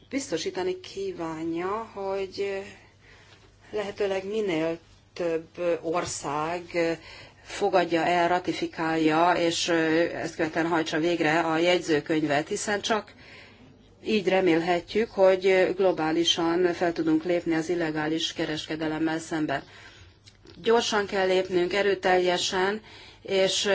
A: biztosítani kívánja, hogy lehetőleg minél több ország fogadja el, ratifikálja, és ezt követően hajtsa végre a jegyzőkönyvet, hiszen csak így remélhetjük, hogy globálisan fel tudunk lépni az illegális kereskedelemmel szemben. Gyorsan kell lépnünk, erőteljesen, és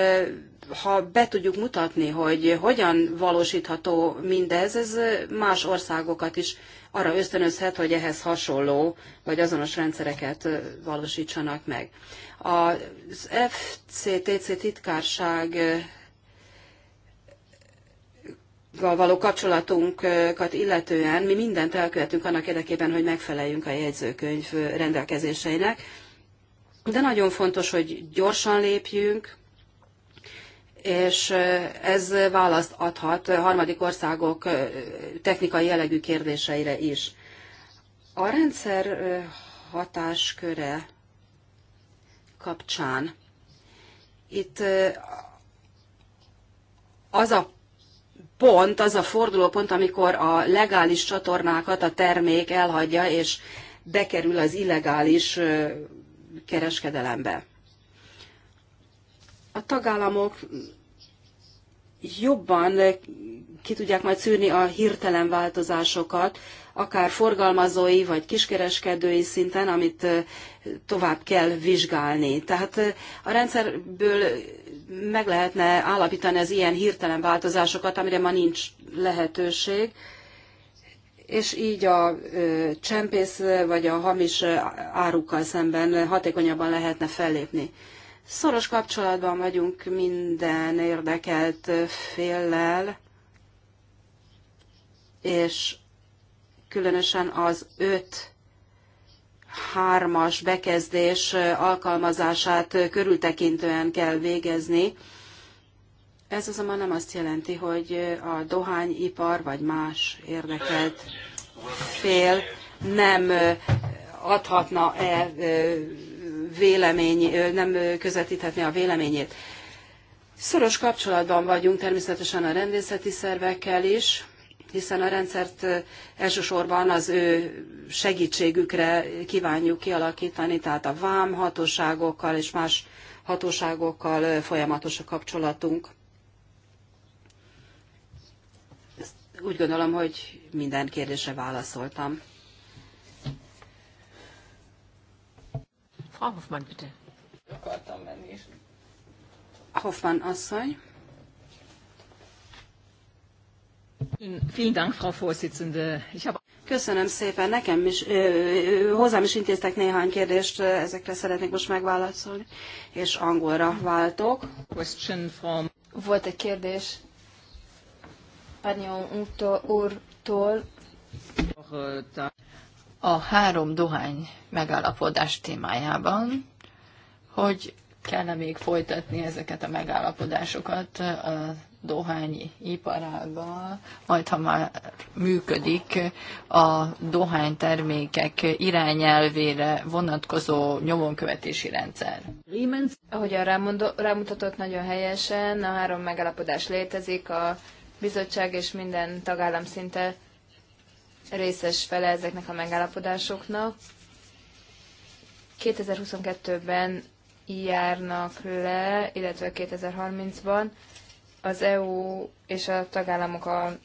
A: ha be tudjuk mutatni, hogy hogyan valósítható mindez, ez más országokat is arra ösztönözhet, hogy ehhez hasonló vagy azonos rendszereket valósítsanak meg. Az FCTC titkárság való kapcsolatunkat illetően mi mindent elkövetünk annak érdekében, hogy megfeleljünk a jegyzőkönyv rendelkezéseinek. De nagyon fontos, hogy gyorsan lépjünk, és ez választ adhat harmadik országok technikai jellegű kérdéseire is. A rendszer hatásköre kapcsán itt az a pont, az a fordulópont, amikor a legális csatornákat a termék elhagyja, és bekerül az illegális kereskedelembe. A tagállamok jobban ki tudják majd szűrni a hirtelen változásokat, akár forgalmazói vagy kiskereskedői szinten, amit tovább kell vizsgálni. Tehát a rendszerből meg lehetne állapítani az ilyen hirtelen változásokat, amire ma nincs lehetőség, és így a csempész vagy a hamis árukkal szemben hatékonyabban lehetne fellépni. Szoros kapcsolatban vagyunk minden érdekelt féllel, és különösen az öt hármas bekezdés alkalmazását körültekintően kell végezni. Ez azonban nem azt jelenti, hogy a dohányipar vagy más érdekelt fél nem adhatna -e vélemény, nem közvetíthetné a véleményét. Szoros kapcsolatban vagyunk természetesen a rendészeti szervekkel is, hiszen a rendszert elsősorban az ő segítségükre kívánjuk kialakítani, tehát a vám hatóságokkal és más hatóságokkal folyamatos a kapcsolatunk. Ezt úgy gondolom, hogy minden kérdésre válaszoltam. Frau Hoffmann, bitte. Hoffmann asszony. Köszönöm szépen. Nekem is, hozzám is intéztek néhány kérdést, ezekre szeretnék most megválaszolni, és angolra váltok. Volt egy kérdés Pányon úrtól
B: a három dohány megállapodás témájában, hogy kell még folytatni ezeket a megállapodásokat a dohány iparággal, majd ha már működik, a dohánytermékek irányelvére vonatkozó nyomonkövetési rendszer.
C: Ahogyan rámondó, rámutatott nagyon helyesen, a három megalapodás létezik, a bizottság és minden tagállam szinte részes fele ezeknek a megállapodásoknak. 2022-ben járnak le, illetve 2030-ban az EU és a tagállamok a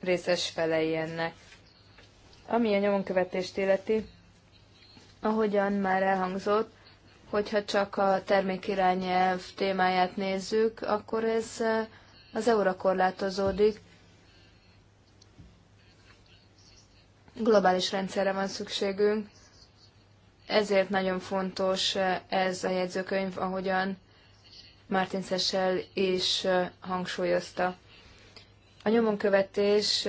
C: részes felei ennek. Ami a nyomonkövetést illeti, ahogyan már elhangzott, hogyha csak a termékirányelv témáját nézzük, akkor ez eh, az EU-ra korlátozódik. Globális rendszerre van szükségünk, ezért nagyon fontos eh, ez a jegyzőkönyv, ahogyan Martin Sessel is hangsúlyozta. A nyomonkövetés,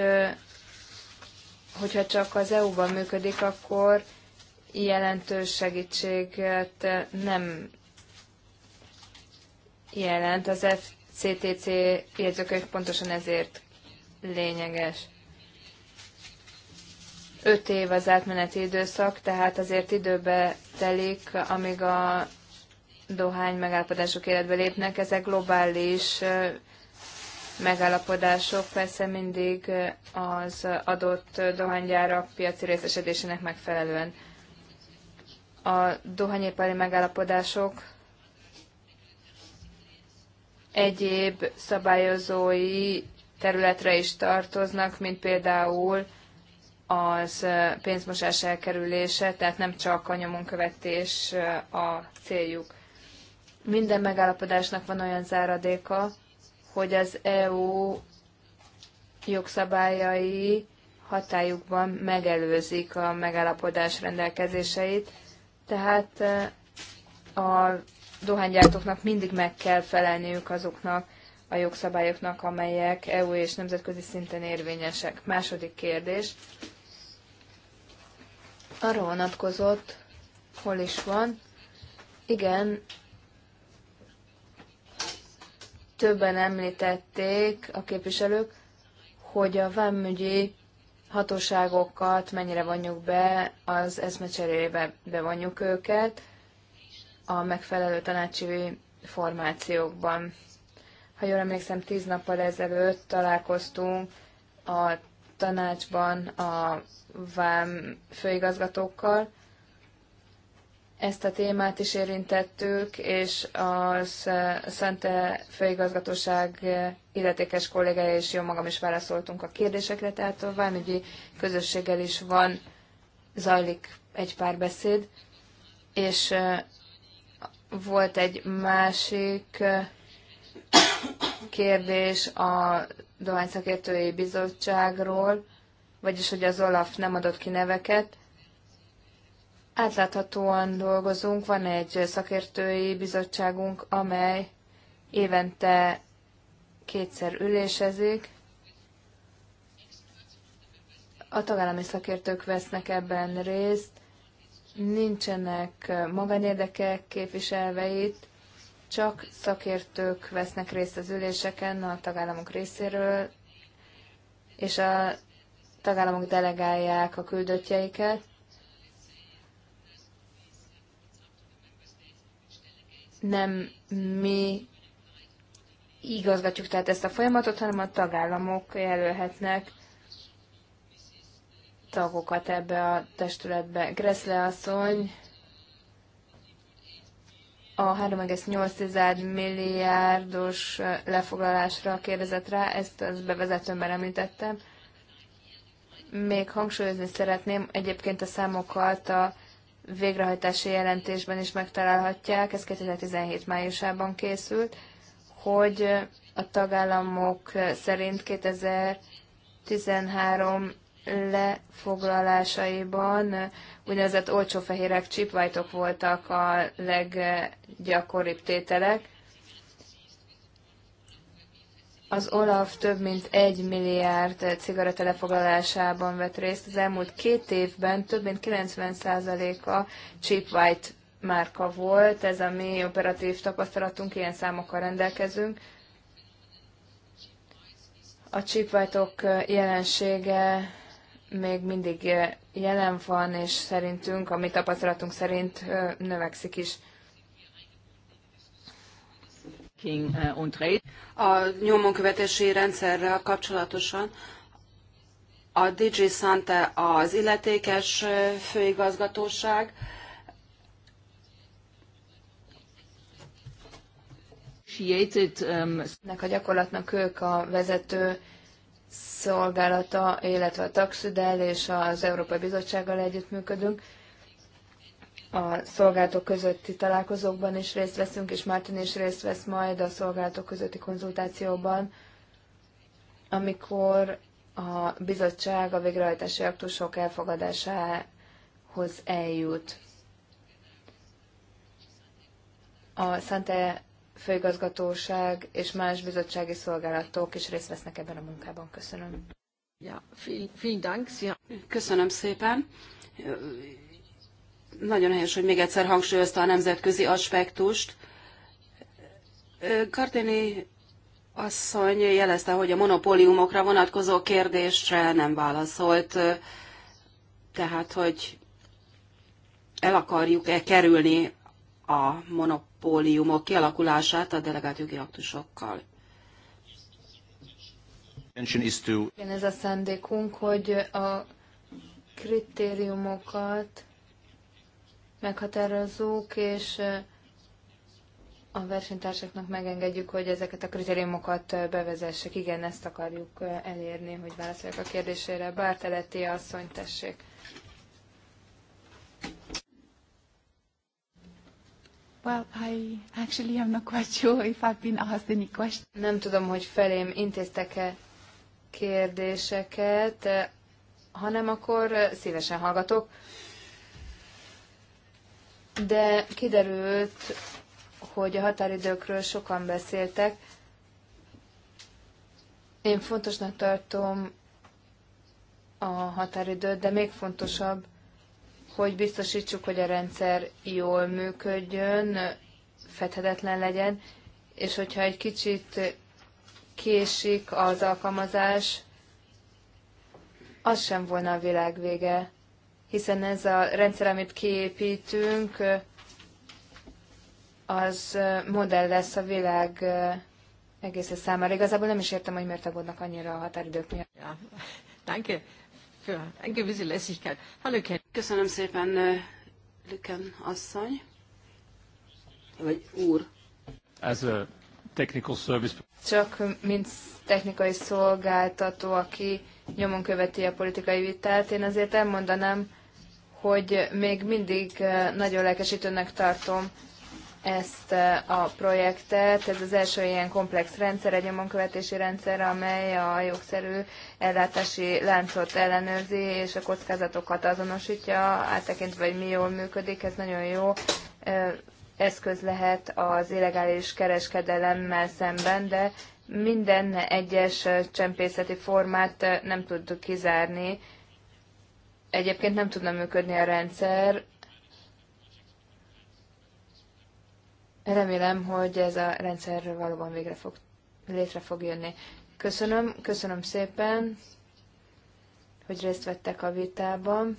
C: hogyha csak az EU-ban működik, akkor jelentős segítséget nem jelent. Az FCTC jegyzőkönyv pontosan ezért lényeges. Öt év az átmeneti időszak, tehát azért időbe telik, amíg a dohány megállapodások életbe lépnek, ezek globális megállapodások, persze mindig az adott dohánygyárak piaci részesedésének megfelelően. A dohányépari megállapodások egyéb szabályozói területre is tartoznak, mint például az pénzmosás elkerülése, tehát nem csak a nyomonkövetés a céljuk. Minden megállapodásnak van olyan záradéka, hogy az EU jogszabályai hatájukban megelőzik a megállapodás rendelkezéseit, tehát eh, a dohánygyártóknak mindig meg kell felelniük azoknak a jogszabályoknak, amelyek EU és nemzetközi szinten érvényesek. Második kérdés. Arra vonatkozott, hol is van. Igen, többen említették a képviselők, hogy a vámügyi hatóságokat mennyire vonjuk be, az eszmecserébe bevonjuk őket a megfelelő tanácsi formációkban. Ha jól emlékszem, tíz nappal ezelőtt találkoztunk a tanácsban a vám főigazgatókkal, ezt a témát is érintettük, és a Szente Főigazgatóság illetékes kollégája és jó magam is válaszoltunk a kérdésekre, tehát a vámügyi közösséggel is van, zajlik egy pár beszéd, és volt egy másik kérdés a Dohány Szakértői Bizottságról, vagyis hogy az Olaf nem adott ki neveket, átláthatóan dolgozunk, van egy szakértői bizottságunk, amely évente kétszer ülésezik. A tagállami szakértők vesznek ebben részt, nincsenek magánérdekek képviselveit, csak szakértők vesznek részt az üléseken a tagállamok részéről, és a tagállamok delegálják a küldöttjeiket. nem mi igazgatjuk tehát ezt a folyamatot, hanem a tagállamok jelölhetnek tagokat ebbe a testületbe. Gressle asszony a 3,8 milliárdos lefoglalásra kérdezett rá, ezt az bevezetőmben említettem. Még hangsúlyozni szeretném egyébként a számokat a végrehajtási jelentésben is megtalálhatják, ez 2017 májusában készült, hogy a tagállamok szerint 2013 lefoglalásaiban úgynevezett olcsó fehérek, csipvajtok voltak a leggyakoribb tételek, az Olaf több mint egy milliárd cigaretta lefoglalásában vett részt. Az elmúlt két évben több mint 90%-a cheap white márka volt. Ez a mi operatív tapasztalatunk, ilyen számokkal rendelkezünk. A cheap white -ok jelensége még mindig jelen van, és szerintünk, a mi tapasztalatunk szerint növekszik is.
A: Eh, a nyomonkövetési rendszerrel kapcsolatosan a DG Sante az illetékes eh, főigazgatóság,
B: um, Ennek a gyakorlatnak
C: ők a vezető szolgálata, illetve a taxidel és az Európai Bizottsággal együttműködünk a szolgálatok közötti találkozókban is részt veszünk, és Márton is részt vesz majd a szolgálatok közötti konzultációban, amikor a bizottság a végrehajtási aktusok elfogadásához eljut. A Szente főigazgatóság és más bizottsági
A: szolgálatok is részt vesznek ebben a munkában. Köszönöm. Ja, vielen Dank. Köszönöm szépen nagyon helyes, hogy még egyszer hangsúlyozta a nemzetközi aspektust. Kartini asszony jelezte, hogy a monopóliumokra vonatkozó kérdésre nem válaszolt, tehát hogy el akarjuk-e kerülni a monopóliumok kialakulását a delegált jogi aktusokkal.
D: Igen,
C: ez a szándékunk, hogy a kritériumokat meghatározzuk, és a versenytársaknak megengedjük, hogy ezeket a kritériumokat bevezessek. Igen, ezt akarjuk elérni, hogy válaszoljak a kérdésére. Bárteleti asszony, tessék.
B: Well, I actually am not quite sure if I've been asked any question. Nem tudom, hogy
C: felém intéztek-e kérdéseket, hanem akkor szívesen hallgatok de kiderült, hogy a határidőkről sokan beszéltek. Én fontosnak tartom a határidőt, de még fontosabb, hogy biztosítsuk, hogy a rendszer jól működjön, fedhetetlen legyen, és hogyha egy kicsit késik az alkalmazás, az sem volna a világ vége hiszen ez a rendszer, amit kiépítünk, az modell lesz a világ egész számára. Igazából
A: nem is értem, hogy miért aggódnak annyira a határidők miatt. Ja,
B: danke ein
A: gewisse Lässigkeit. Hallo, Ken. Köszönöm szépen, Lüken asszony. Vagy úr.
D: As a technical service.
A: Csak mint
C: technikai szolgáltató, aki nyomon követi a politikai vitát, én azért elmondanám, hogy még mindig eh, nagyon lelkesítőnek tartom ezt eh, a projektet. Ez az első ilyen komplex rendszer, egy nyomonkövetési rendszer, amely a jogszerű ellátási láncot ellenőrzi, és a kockázatokat azonosítja, áttekintve, hogy mi jól működik, ez nagyon jó eh, eszköz lehet az illegális kereskedelemmel szemben, de minden egyes csempészeti formát nem tudtuk kizárni, egyébként nem tudna működni a rendszer. Remélem, hogy ez a rendszer valóban végre fog, létre fog jönni. Köszönöm, köszönöm szépen, hogy részt vettek a vitában.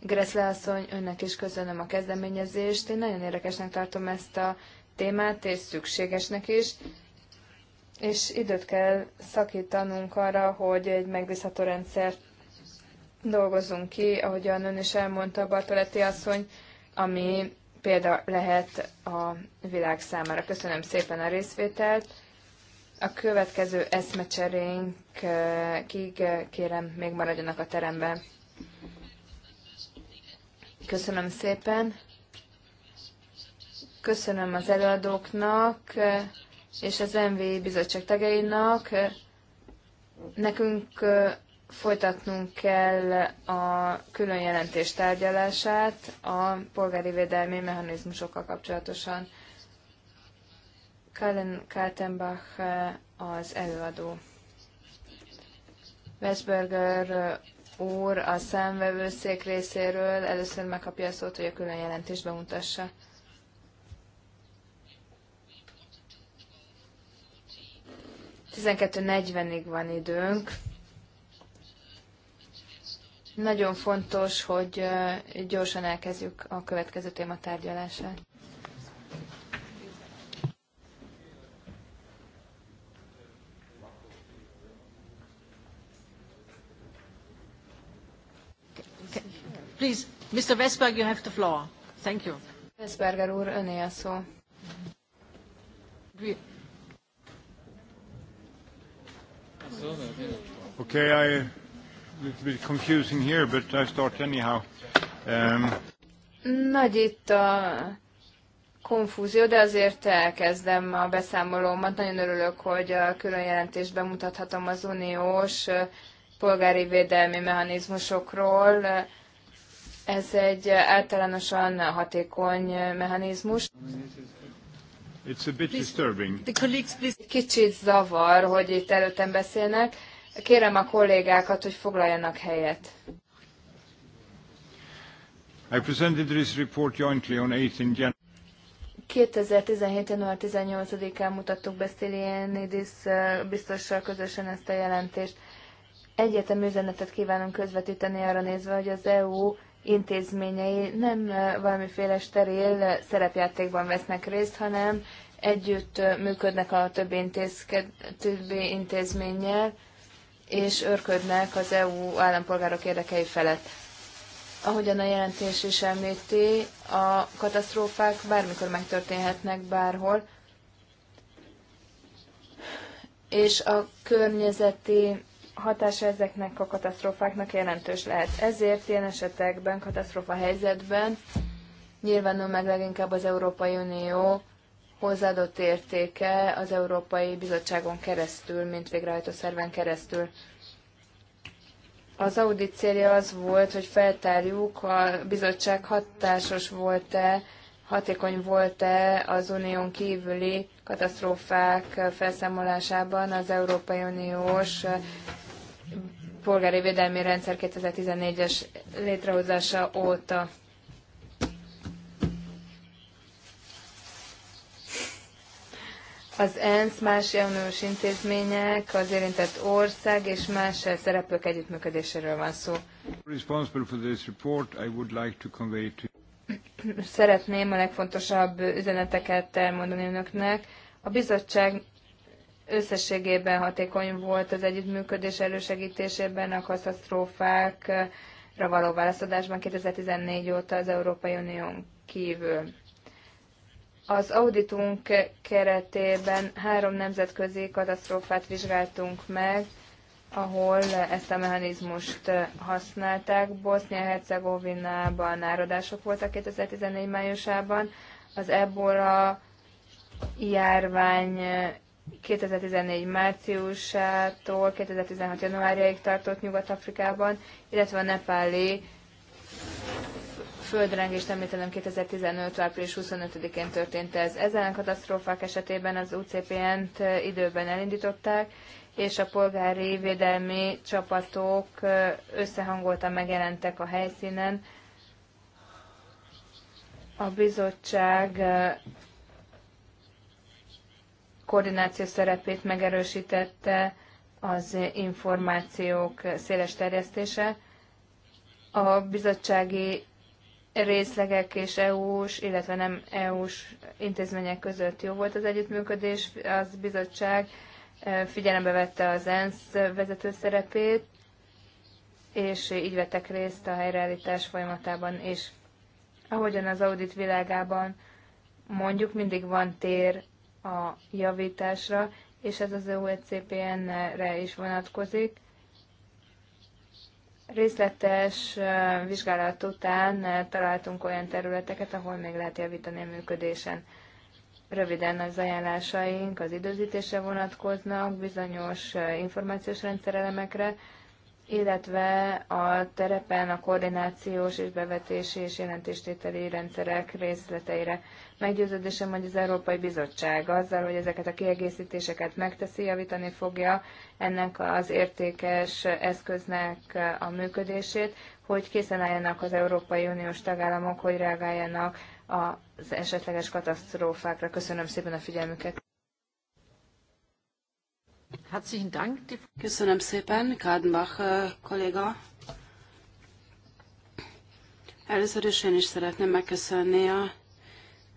C: Greszle asszony, önnek is köszönöm a kezdeményezést. Én nagyon érdekesnek tartom ezt a témát, és szükségesnek is. És időt kell szakítanunk arra, hogy egy megbízható rendszert dolgozunk ki, ahogyan ön is elmondta, Bartoletti asszony, ami példa lehet a világ számára. Köszönöm szépen a részvételt. A következő eszmecserénkig kérem, még maradjanak a teremben. Köszönöm szépen. Köszönöm az előadóknak és az MVI bizottság tagjainak. Nekünk folytatnunk kell a külön jelentés tárgyalását a polgári védelmi mechanizmusokkal kapcsolatosan. Kallen Kaltenbach eh, az előadó. Westberger úr a számvevőszék részéről először megkapja a szót, hogy a külön jelentést bemutassa. ig van időnk nagyon fontos, hogy gyorsan elkezdjük a következő téma tárgyalását.
A: Please, Mr. Veszberg, you have the floor. Thank you.
C: Veszberger úr, öné a szó.
D: Okay, I little bit confusing here, but I start anyhow. Um...
C: Nagy itt a konfúzió, de azért elkezdem a beszámolómat. Nagyon örülök, hogy a külön jelentést bemutathatom az uniós polgári védelmi mechanizmusokról. Ez egy általánosan hatékony mechanizmus.
D: It's a bit disturbing.
C: Kicsit zavar, hogy itt előttem beszélnek. Kérem a kollégákat, hogy foglaljanak helyet.
D: I presented this report jointly on 18 January.
C: 2017. január 18-án mutattuk be Stylianidis biztossal közösen ezt a jelentést. Egyetem üzenetet kívánunk közvetíteni arra nézve, hogy az EU intézményei nem valamiféle steril szerepjátékban vesznek részt, hanem együtt működnek a többi, intézke, többi intézménnyel, és örködnek az EU állampolgárok érdekei felett. Ahogyan a jelentés is említi, a katasztrófák bármikor megtörténhetnek bárhol, és a környezeti hatása ezeknek a katasztrófáknak jelentős lehet. Ezért ilyen esetekben, katasztrófa helyzetben nyilvánul meg leginkább az Európai Unió hozzáadott értéke az Európai Bizottságon keresztül, mint végrehajtó szerven keresztül. Az audit célja az volt, hogy feltárjuk, a bizottság hatásos volt-e, hatékony volt-e az unión kívüli katasztrófák felszámolásában az Európai Uniós polgári védelmi rendszer 2014-es létrehozása óta. Az ENSZ, más uniós intézmények, az érintett ország és más szereplők együttműködéséről van szó. Szeretném a legfontosabb üzeneteket elmondani önöknek. A bizottság összességében hatékony volt az együttműködés elősegítésében a katasztrófákra való válaszadásban 2014 óta az Európai Unión kívül. Az auditunk keretében három nemzetközi katasztrófát vizsgáltunk meg, ahol ezt a mechanizmust használták. Bosznia-Hercegovinában áradások voltak 2014 májusában, az ebola járvány 2014 márciusától 2016 januárjáig tartott Nyugat-Afrikában, illetve a nepáli földrengést említenem 2015. április 25-én történt ez. Ezen a katasztrófák esetében az UCPN-t időben elindították, és a polgári védelmi csapatok összehangoltan megjelentek a helyszínen. A bizottság koordináció szerepét megerősítette az információk széles terjesztése. A bizottsági részlegek és EU-s, illetve nem EU-s intézmények között jó volt az együttműködés, az bizottság figyelembe vette az ENSZ vezető szerepét, és így vettek részt a helyreállítás folyamatában is. Ahogyan az audit világában mondjuk mindig van tér a javításra, és ez az EUCPN-re e is vonatkozik. Részletes vizsgálat után találtunk olyan területeket, ahol még lehet javítani a működésen. Röviden az ajánlásaink az időzítésre vonatkoznak, bizonyos információs rendszerelemekre, illetve a terepen a koordinációs és bevetési és jelentéstételi rendszerek részleteire. Meggyőződésem, hogy az Európai Bizottság azzal, hogy ezeket a kiegészítéseket megteszi, javítani fogja ennek az értékes eszköznek a működését, hogy készen álljanak az Európai Uniós tagállamok, hogy reagáljanak az esetleges katasztrófákra. Köszönöm szépen a figyelmüket!
A: Herzlichen Dank. Köszönöm szépen, Kádenbach kolléga. Először is én is szeretném megköszönni a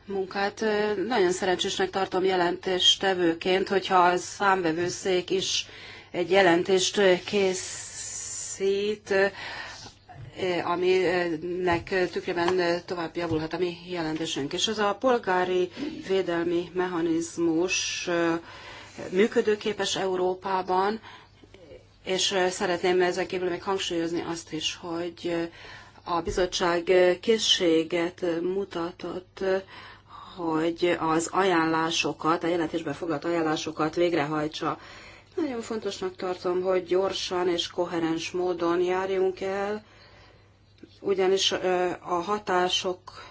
A: munkát. Nagyon szerencsésnek tartom jelentéstevőként, hogyha a számvevőszék is egy jelentést készít, aminek tükrében tovább javulhat a mi jelentésünk. És ez a polgári védelmi mechanizmus működőképes Európában, és szeretném ezen kívül még hangsúlyozni azt is, hogy a bizottság készséget mutatott, hogy az ajánlásokat, a jelentésben foglalt ajánlásokat végrehajtsa. Nagyon fontosnak tartom, hogy gyorsan és koherens módon járjunk el, ugyanis a hatások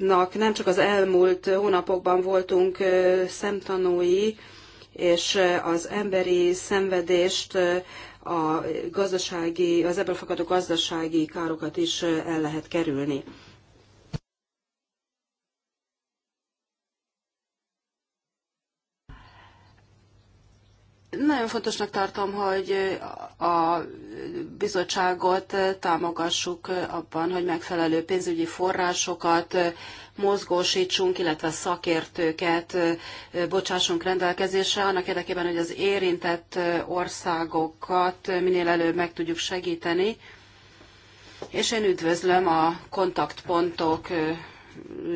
A: nak nem csak az elmúlt hónapokban voltunk szemtanúi, és az emberi szenvedést, a gazdasági, az ebből fakadó gazdasági károkat is el lehet kerülni. Nagyon fontosnak tartom, hogy a bizottságot támogassuk abban, hogy megfelelő pénzügyi forrásokat mozgósítsunk, illetve szakértőket bocsássunk rendelkezésre, annak érdekében, hogy az érintett országokat minél előbb meg tudjuk segíteni. És én üdvözlöm a kontaktpontok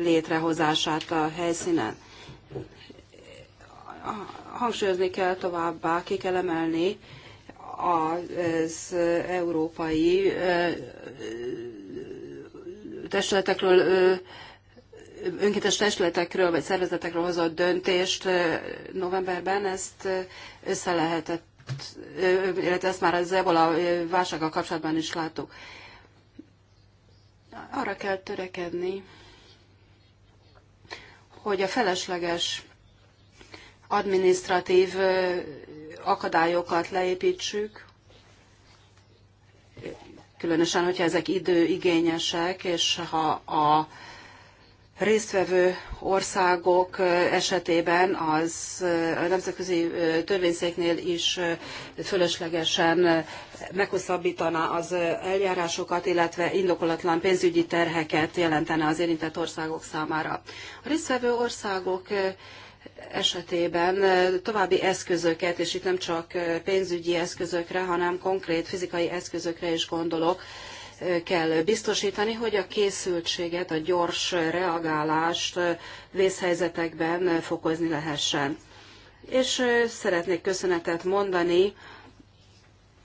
A: létrehozását a helyszínen Hangsúlyozni kell továbbá, ki kell emelni az európai testületekről, önkéntes testületekről vagy szervezetekről hozott döntést novemberben, ezt össze lehetett, illetve ezt már az ebola válsággal kapcsolatban is láttuk. Arra kell törekedni, hogy a felesleges administratív akadályokat leépítsük, különösen, hogyha ezek időigényesek, és ha a résztvevő országok esetében az a nemzetközi törvényszéknél is fölöslegesen meghosszabbítaná az eljárásokat, illetve indokolatlan pénzügyi terheket jelentene az érintett országok számára. A résztvevő országok esetében további eszközöket, és itt nem csak pénzügyi eszközökre, hanem konkrét fizikai eszközökre is gondolok, kell biztosítani, hogy a készültséget, a gyors reagálást vészhelyzetekben fokozni lehessen. És szeretnék köszönetet mondani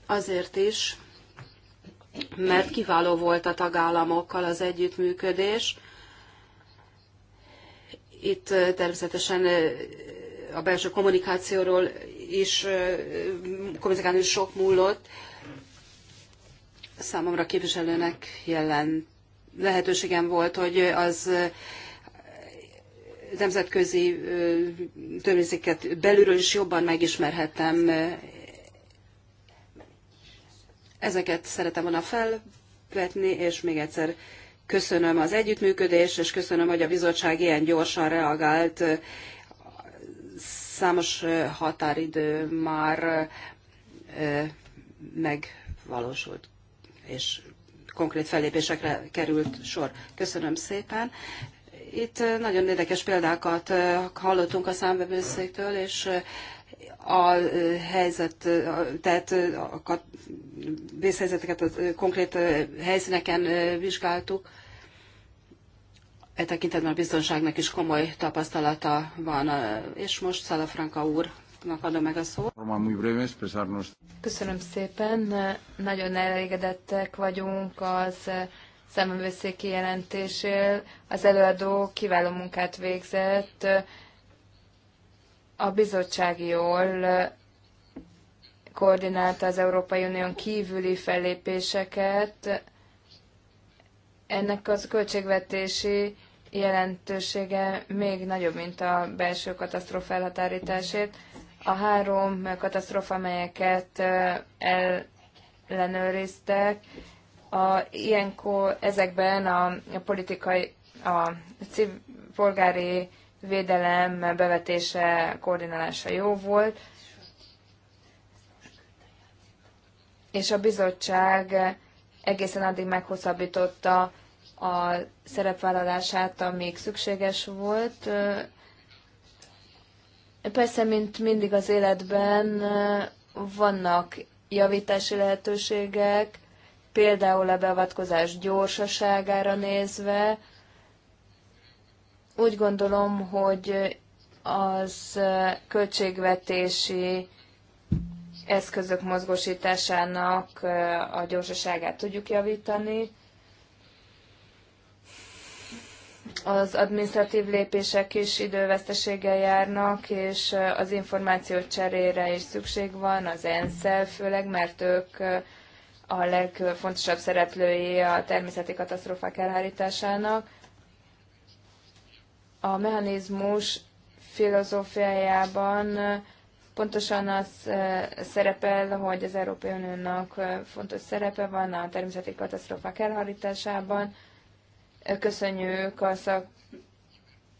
A: azért is, mert kiváló volt a tagállamokkal az együttműködés, itt természetesen a belső kommunikációról is kommunikálni sok múlott. Számomra képviselőnek jelen lehetőségem volt, hogy az nemzetközi törvényzéket belülről is jobban megismerhettem. Ezeket szeretem volna felvetni, és még egyszer Köszönöm az együttműködést, és köszönöm, hogy a bizottság ilyen gyorsan reagált. Számos határidő már megvalósult, és konkrét fellépésekre került sor. Köszönöm szépen. Itt nagyon érdekes példákat hallottunk a számvevőszéktől, és a helyzet, tehát a vészhelyzeteket a konkrét helyszíneken vizsgáltuk. E tekintetben a biztonságnak is komoly tapasztalata van, és most Szalafranka úrnak adom meg a szót. Köszönöm szépen,
C: nagyon elégedettek vagyunk az szemövőszéki jelentésél. Az előadó kiváló munkát végzett, a bizottsági jól koordinálta az Európai Unión kívüli fellépéseket, ennek az költségvetési jelentősége még nagyobb, mint a belső katasztrófa elhatárításért. A három katasztrófa, amelyeket ellenőriztek, a, ilyenkor ezekben a, a politikai, a civ, polgári védelem bevetése, koordinálása jó volt, és a bizottság egészen addig meghosszabbította a szerepvállalását, amíg szükséges volt. Persze, mint mindig az életben vannak javítási lehetőségek, például a beavatkozás gyorsaságára nézve. Úgy gondolom, hogy az költségvetési eszközök mozgósításának a gyorsaságát tudjuk javítani. az adminisztratív lépések is időveszteséggel járnak, és az információ cserére is szükség van, az ensz főleg, mert ők a legfontosabb szereplői a természeti katasztrófák elhárításának. A mechanizmus filozófiájában pontosan az szerepel, hogy az Európai Uniónak fontos szerepe van a természeti katasztrófák elhárításában, Köszönjük a, szak,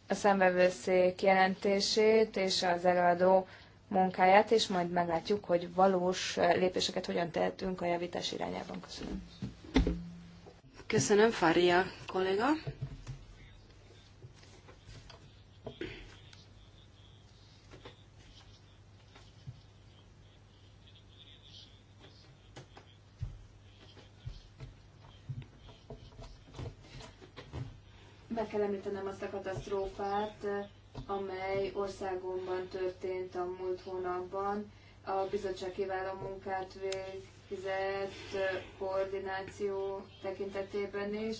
C: a szembevőszék jelentését és az előadó munkáját, és majd meglátjuk, hogy valós lépéseket hogyan
A: tehetünk a javítás irányában. Köszönöm. Köszönöm, Faria kolléga.
C: Meg kell említenem azt a katasztrófát, amely országomban történt a múlt hónapban. A bizottság kiváló munkát végzett koordináció tekintetében is.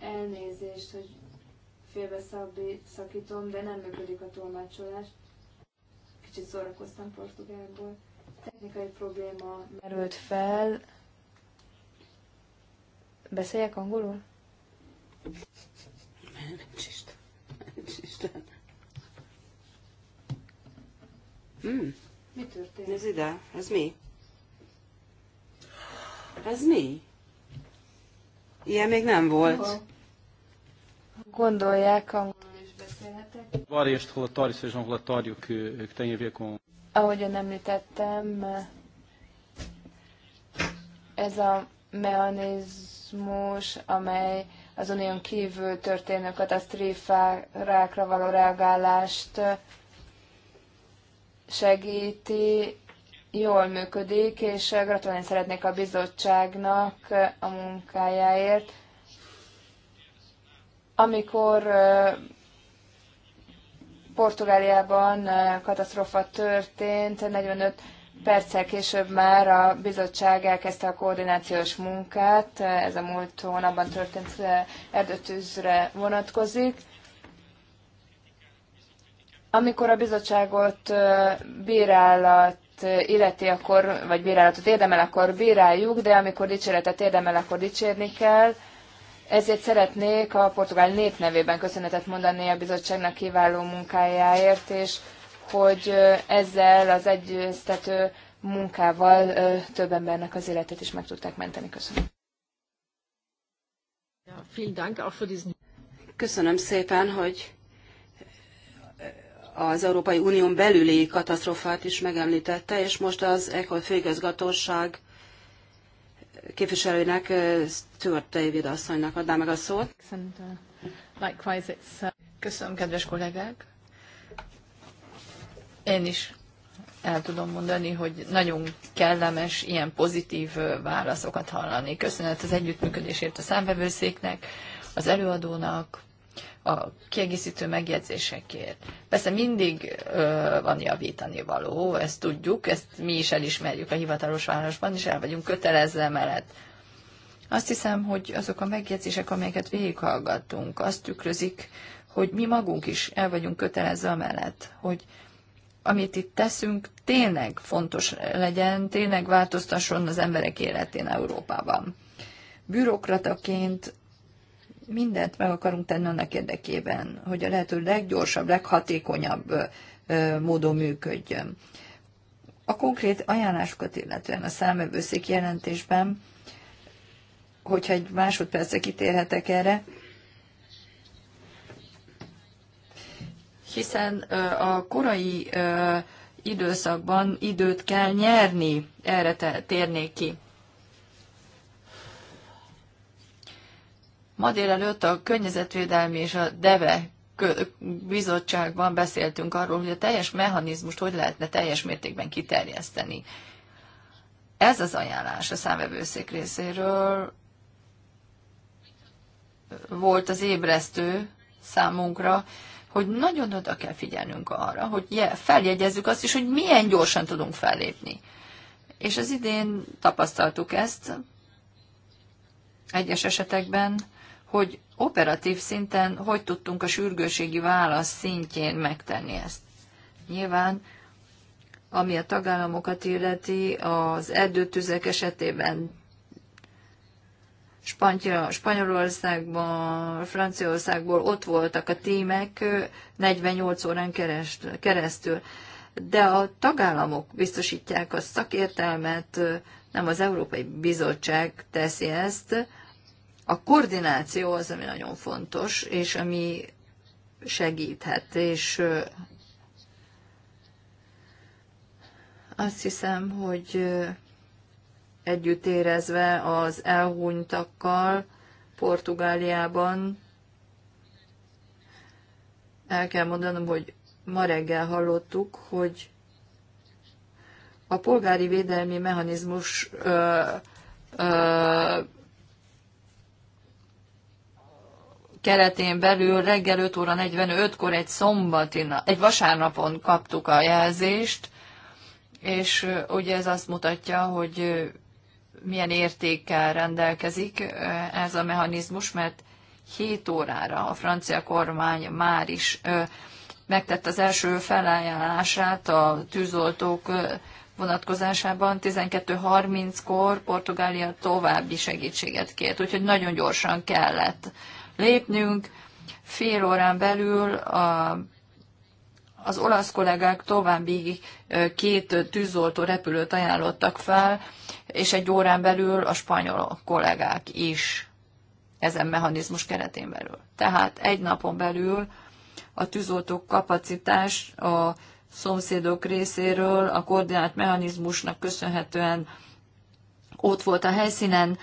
C: Elnézést, hogy félbe szakítom, de nem működik a tolmácsolás. Kicsit szórakoztam portugálból. Technikai probléma merült fel, Beszéljek angolul? Nincs Isten. Nincs
A: Isten. Mm. Mi történt? Ez ide. Ez mi? Ez mi? Ilyen még nem volt. Gondolják, angolul
C: is beszélhetek.
D: Várias relatórios, seja um relatório que, que tem a ver com...
C: Ahogyan említettem, ez a mechanizmus terrorizmus, amely az unión kívül történő katasztrófákra való reagálást segíti, jól működik, és gratulálni szeretnék a bizottságnak a munkájáért. Amikor Portugáliában katasztrófa történt, 45 perccel később már a bizottság elkezdte a koordinációs munkát, ez a múlt hónapban történt eh, erdőtűzre vonatkozik. Amikor a bizottságot eh, bírálat illeti, akkor, vagy bírálatot érdemel, akkor bíráljuk, de amikor dicséretet érdemel, akkor dicsérni kell. Ezért szeretnék a portugál nép nevében köszönetet mondani a bizottságnak kiváló munkájáért, és hogy ezzel az egyeztető munkával több embernek az életét is meg tudták
A: menteni. Köszönöm. Köszönöm szépen, hogy az Európai Unión belüli katasztrofát is megemlítette, és most az ECHO főigazgatóság képviselőnek, Stuart David asszonynak adná meg a szót.
B: Uh, uh- Köszönöm, kedves kollégák! Én is el tudom mondani, hogy nagyon kellemes, ilyen pozitív válaszokat hallani. Köszönet az együttműködésért a számvevőszéknek, az előadónak, a kiegészítő megjegyzésekért. Persze mindig ö, van javítani való, ezt tudjuk, ezt mi is elismerjük a hivatalos válaszban, és el vagyunk kötelezve mellett. Azt hiszem, hogy azok a megjegyzések, amelyeket végighallgattunk, azt tükrözik, hogy mi magunk is el vagyunk kötelezve mellett, hogy amit itt teszünk, tényleg fontos legyen, tényleg változtasson az emberek életén Európában. Bürokrataként mindent meg akarunk tenni annak érdekében, hogy a lehető leggyorsabb, leghatékonyabb módon működjön. A konkrét ajánlásokat illetően a számövőszék jelentésben, hogyha egy másodpercre kitérhetek erre, hiszen a korai időszakban időt kell nyerni, erre térnék ki. Ma délelőtt a Környezetvédelmi és a DEVE bizottságban beszéltünk arról, hogy a teljes mechanizmust hogy lehetne teljes mértékben kiterjeszteni. Ez az ajánlás a számvevőszék részéről volt az ébresztő számunkra, hogy nagyon oda kell figyelnünk arra, hogy feljegyezzük azt is, hogy milyen gyorsan tudunk fellépni. És az idén tapasztaltuk ezt egyes esetekben, hogy operatív szinten hogy tudtunk a sürgőségi válasz szintjén megtenni ezt. Nyilván, ami a tagállamokat illeti, az erdőtüzek esetében Spantya, Spanyolországban, Franciaországból ott voltak a tímek 48 órán keresztül. De a tagállamok biztosítják a szakértelmet, nem az Európai Bizottság teszi ezt. A koordináció az, ami nagyon fontos, és ami segíthet, és azt hiszem, hogy együtt érezve az elhunytakkal Portugáliában. El kell mondanom, hogy ma reggel hallottuk, hogy a polgári védelmi mechanizmus ö, ö, keretén belül reggel 5 óra 45-kor egy szombatin, egy vasárnapon kaptuk a jelzést, és ugye ez azt mutatja, hogy milyen értékkel rendelkezik ez a mechanizmus, mert 7 órára a francia kormány már is megtett az első felajánlását a tűzoltók vonatkozásában 12.30-kor Portugália további segítséget kért, úgyhogy nagyon gyorsan kellett lépnünk. Fél órán belül a az olasz kollégák további két tűzoltó repülőt ajánlottak fel, és egy órán belül a spanyol kollégák is ezen mechanizmus keretén belül. Tehát egy napon belül a tűzoltó kapacitás a szomszédok részéről a koordinált mechanizmusnak köszönhetően ott volt a helyszínen,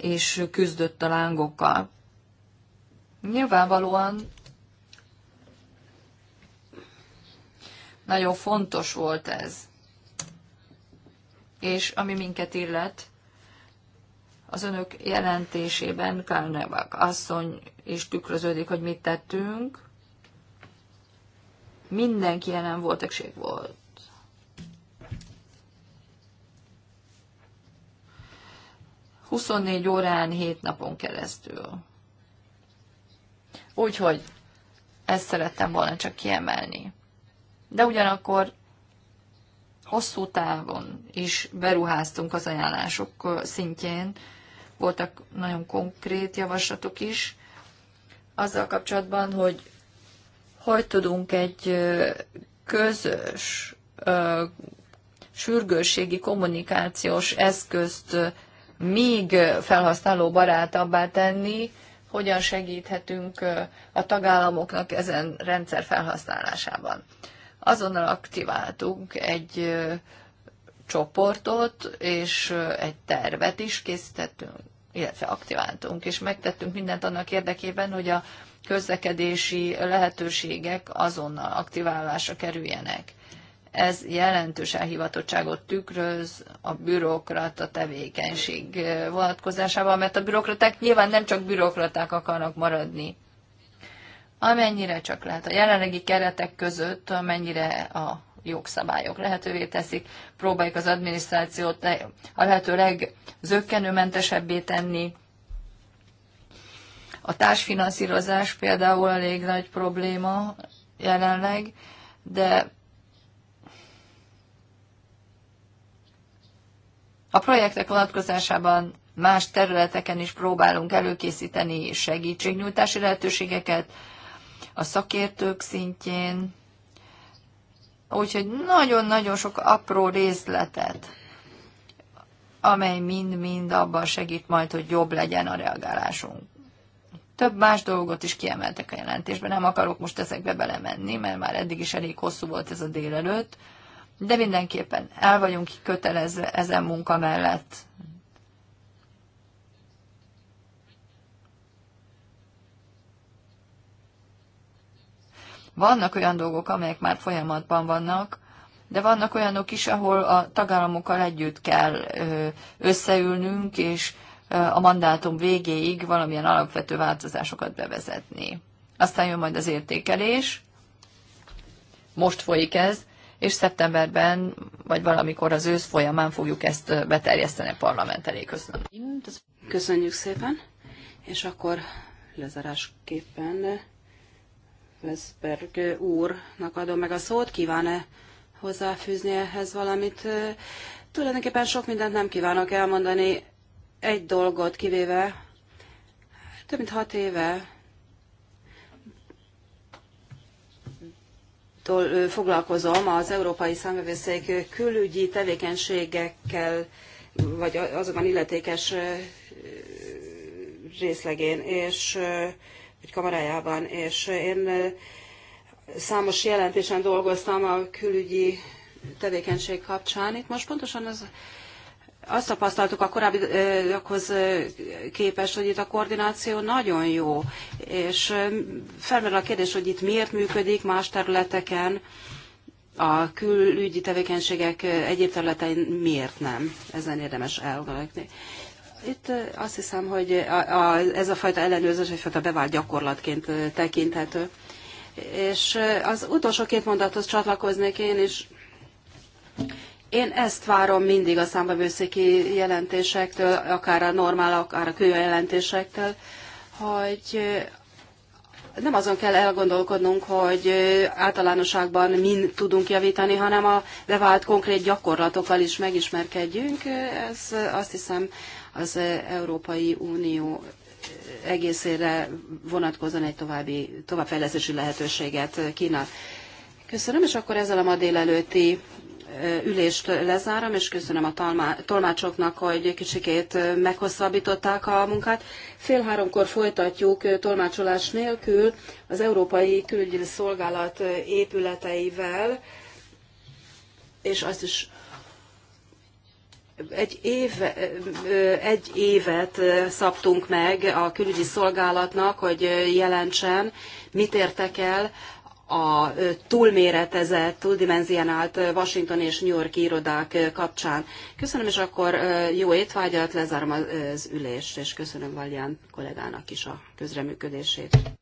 B: és küzdött a lángokkal. Nyilvánvalóan Nagyon fontos volt ez. És ami minket illet, az önök jelentésében Karnevak asszony is tükröződik, hogy mit tettünk. Mindenki jelen volt, egység volt. Huszonnégy órán, hét napon keresztül. Úgyhogy ezt szerettem volna csak kiemelni de ugyanakkor hosszú távon is beruháztunk az ajánlások szintjén, voltak nagyon konkrét javaslatok is, azzal kapcsolatban, hogy hogy tudunk egy közös sürgősségi kommunikációs eszközt még felhasználó barátabbá tenni, hogyan segíthetünk a tagállamoknak ezen rendszer felhasználásában azonnal aktiváltunk egy csoportot, és egy tervet is készítettünk, illetve aktiváltunk, és megtettünk mindent annak érdekében, hogy a közlekedési lehetőségek azonnal aktiválásra kerüljenek. Ez jelentős elhivatottságot tükröz a bürokrata tevékenység vonatkozásában, mert a bürokraták nyilván nem csak bürokraták akarnak maradni amennyire csak lehet a jelenlegi keretek között, amennyire a jogszabályok lehetővé teszik. Próbáljuk az adminisztrációt a lehető legzökkenőmentesebbé tenni. A társfinanszírozás például elég nagy probléma jelenleg, de a projektek vonatkozásában más területeken is próbálunk előkészíteni segítségnyújtási lehetőségeket, a szakértők szintjén, úgyhogy nagyon-nagyon sok apró részletet, amely mind-mind abban segít majd, hogy jobb legyen a reagálásunk. Több más dolgot is kiemeltek a jelentésben, nem akarok most ezekbe belemenni, mert már eddig is elég hosszú volt ez a délelőtt, de mindenképpen el vagyunk kötelezve ezen munka mellett, Vannak olyan dolgok, amelyek már folyamatban vannak, de vannak olyanok is, ahol a tagállamokkal együtt kell összeülnünk, és a mandátum végéig valamilyen alapvető változásokat bevezetni. Aztán jön majd az értékelés, most folyik ez, és szeptemberben, vagy valamikor az ősz folyamán fogjuk ezt beterjeszteni a parlament elé. Köszönöm.
A: Köszönjük szépen, és akkor lezárásképpen Veszberg úrnak adom meg a szót. Kíván-e hozzáfűzni ehhez valamit? Tulajdonképpen sok mindent nem kívánok elmondani, egy dolgot kivéve, több mint hat éve foglalkozom az Európai Számvevőszék külügyi tevékenységekkel, vagy azokban illetékes részlegén, és egy kamarájában, és én számos jelentésen dolgoztam a külügyi tevékenység kapcsán. Itt most pontosan az, azt tapasztaltuk a korábbiakhoz képest, hogy itt a koordináció nagyon jó, és felmerül a kérdés, hogy itt miért működik más területeken, a külügyi tevékenységek egyéb területein miért nem? Ezen érdemes elgondolkodni. Itt azt hiszem, hogy a, a, ez a fajta ellenőrzés egyfajta bevált gyakorlatként tekinthető. És az utolsó két mondathoz csatlakoznék én is. Én ezt várom mindig a számbevőszéki jelentésektől, akár a normál, akár a külön jelentésektől, hogy nem azon kell elgondolkodnunk, hogy általánosságban min tudunk javítani, hanem a bevált konkrét gyakorlatokkal is megismerkedjünk. Ez azt hiszem az e- Európai Unió egészére vonatkozóan egy további, továbbfejlesztési lehetőséget kínál. Köszönöm, és akkor ezzel a ma délelőtti e, ülést lezárom, és köszönöm a tolmácsoknak, hogy kicsikét e, meghosszabbították a munkát. Fél háromkor folytatjuk tolmácsolás nélkül az Európai Külügyi Szolgálat épületeivel, és azt is egy, év, egy évet szabtunk meg a külügyi szolgálatnak, hogy jelentsen, mit értek el a túlméretezett, túldimenzionált Washington és New York irodák kapcsán. Köszönöm, és akkor jó étvágyat, lezárom az ülést, és köszönöm Valján kollégának is a közreműködését.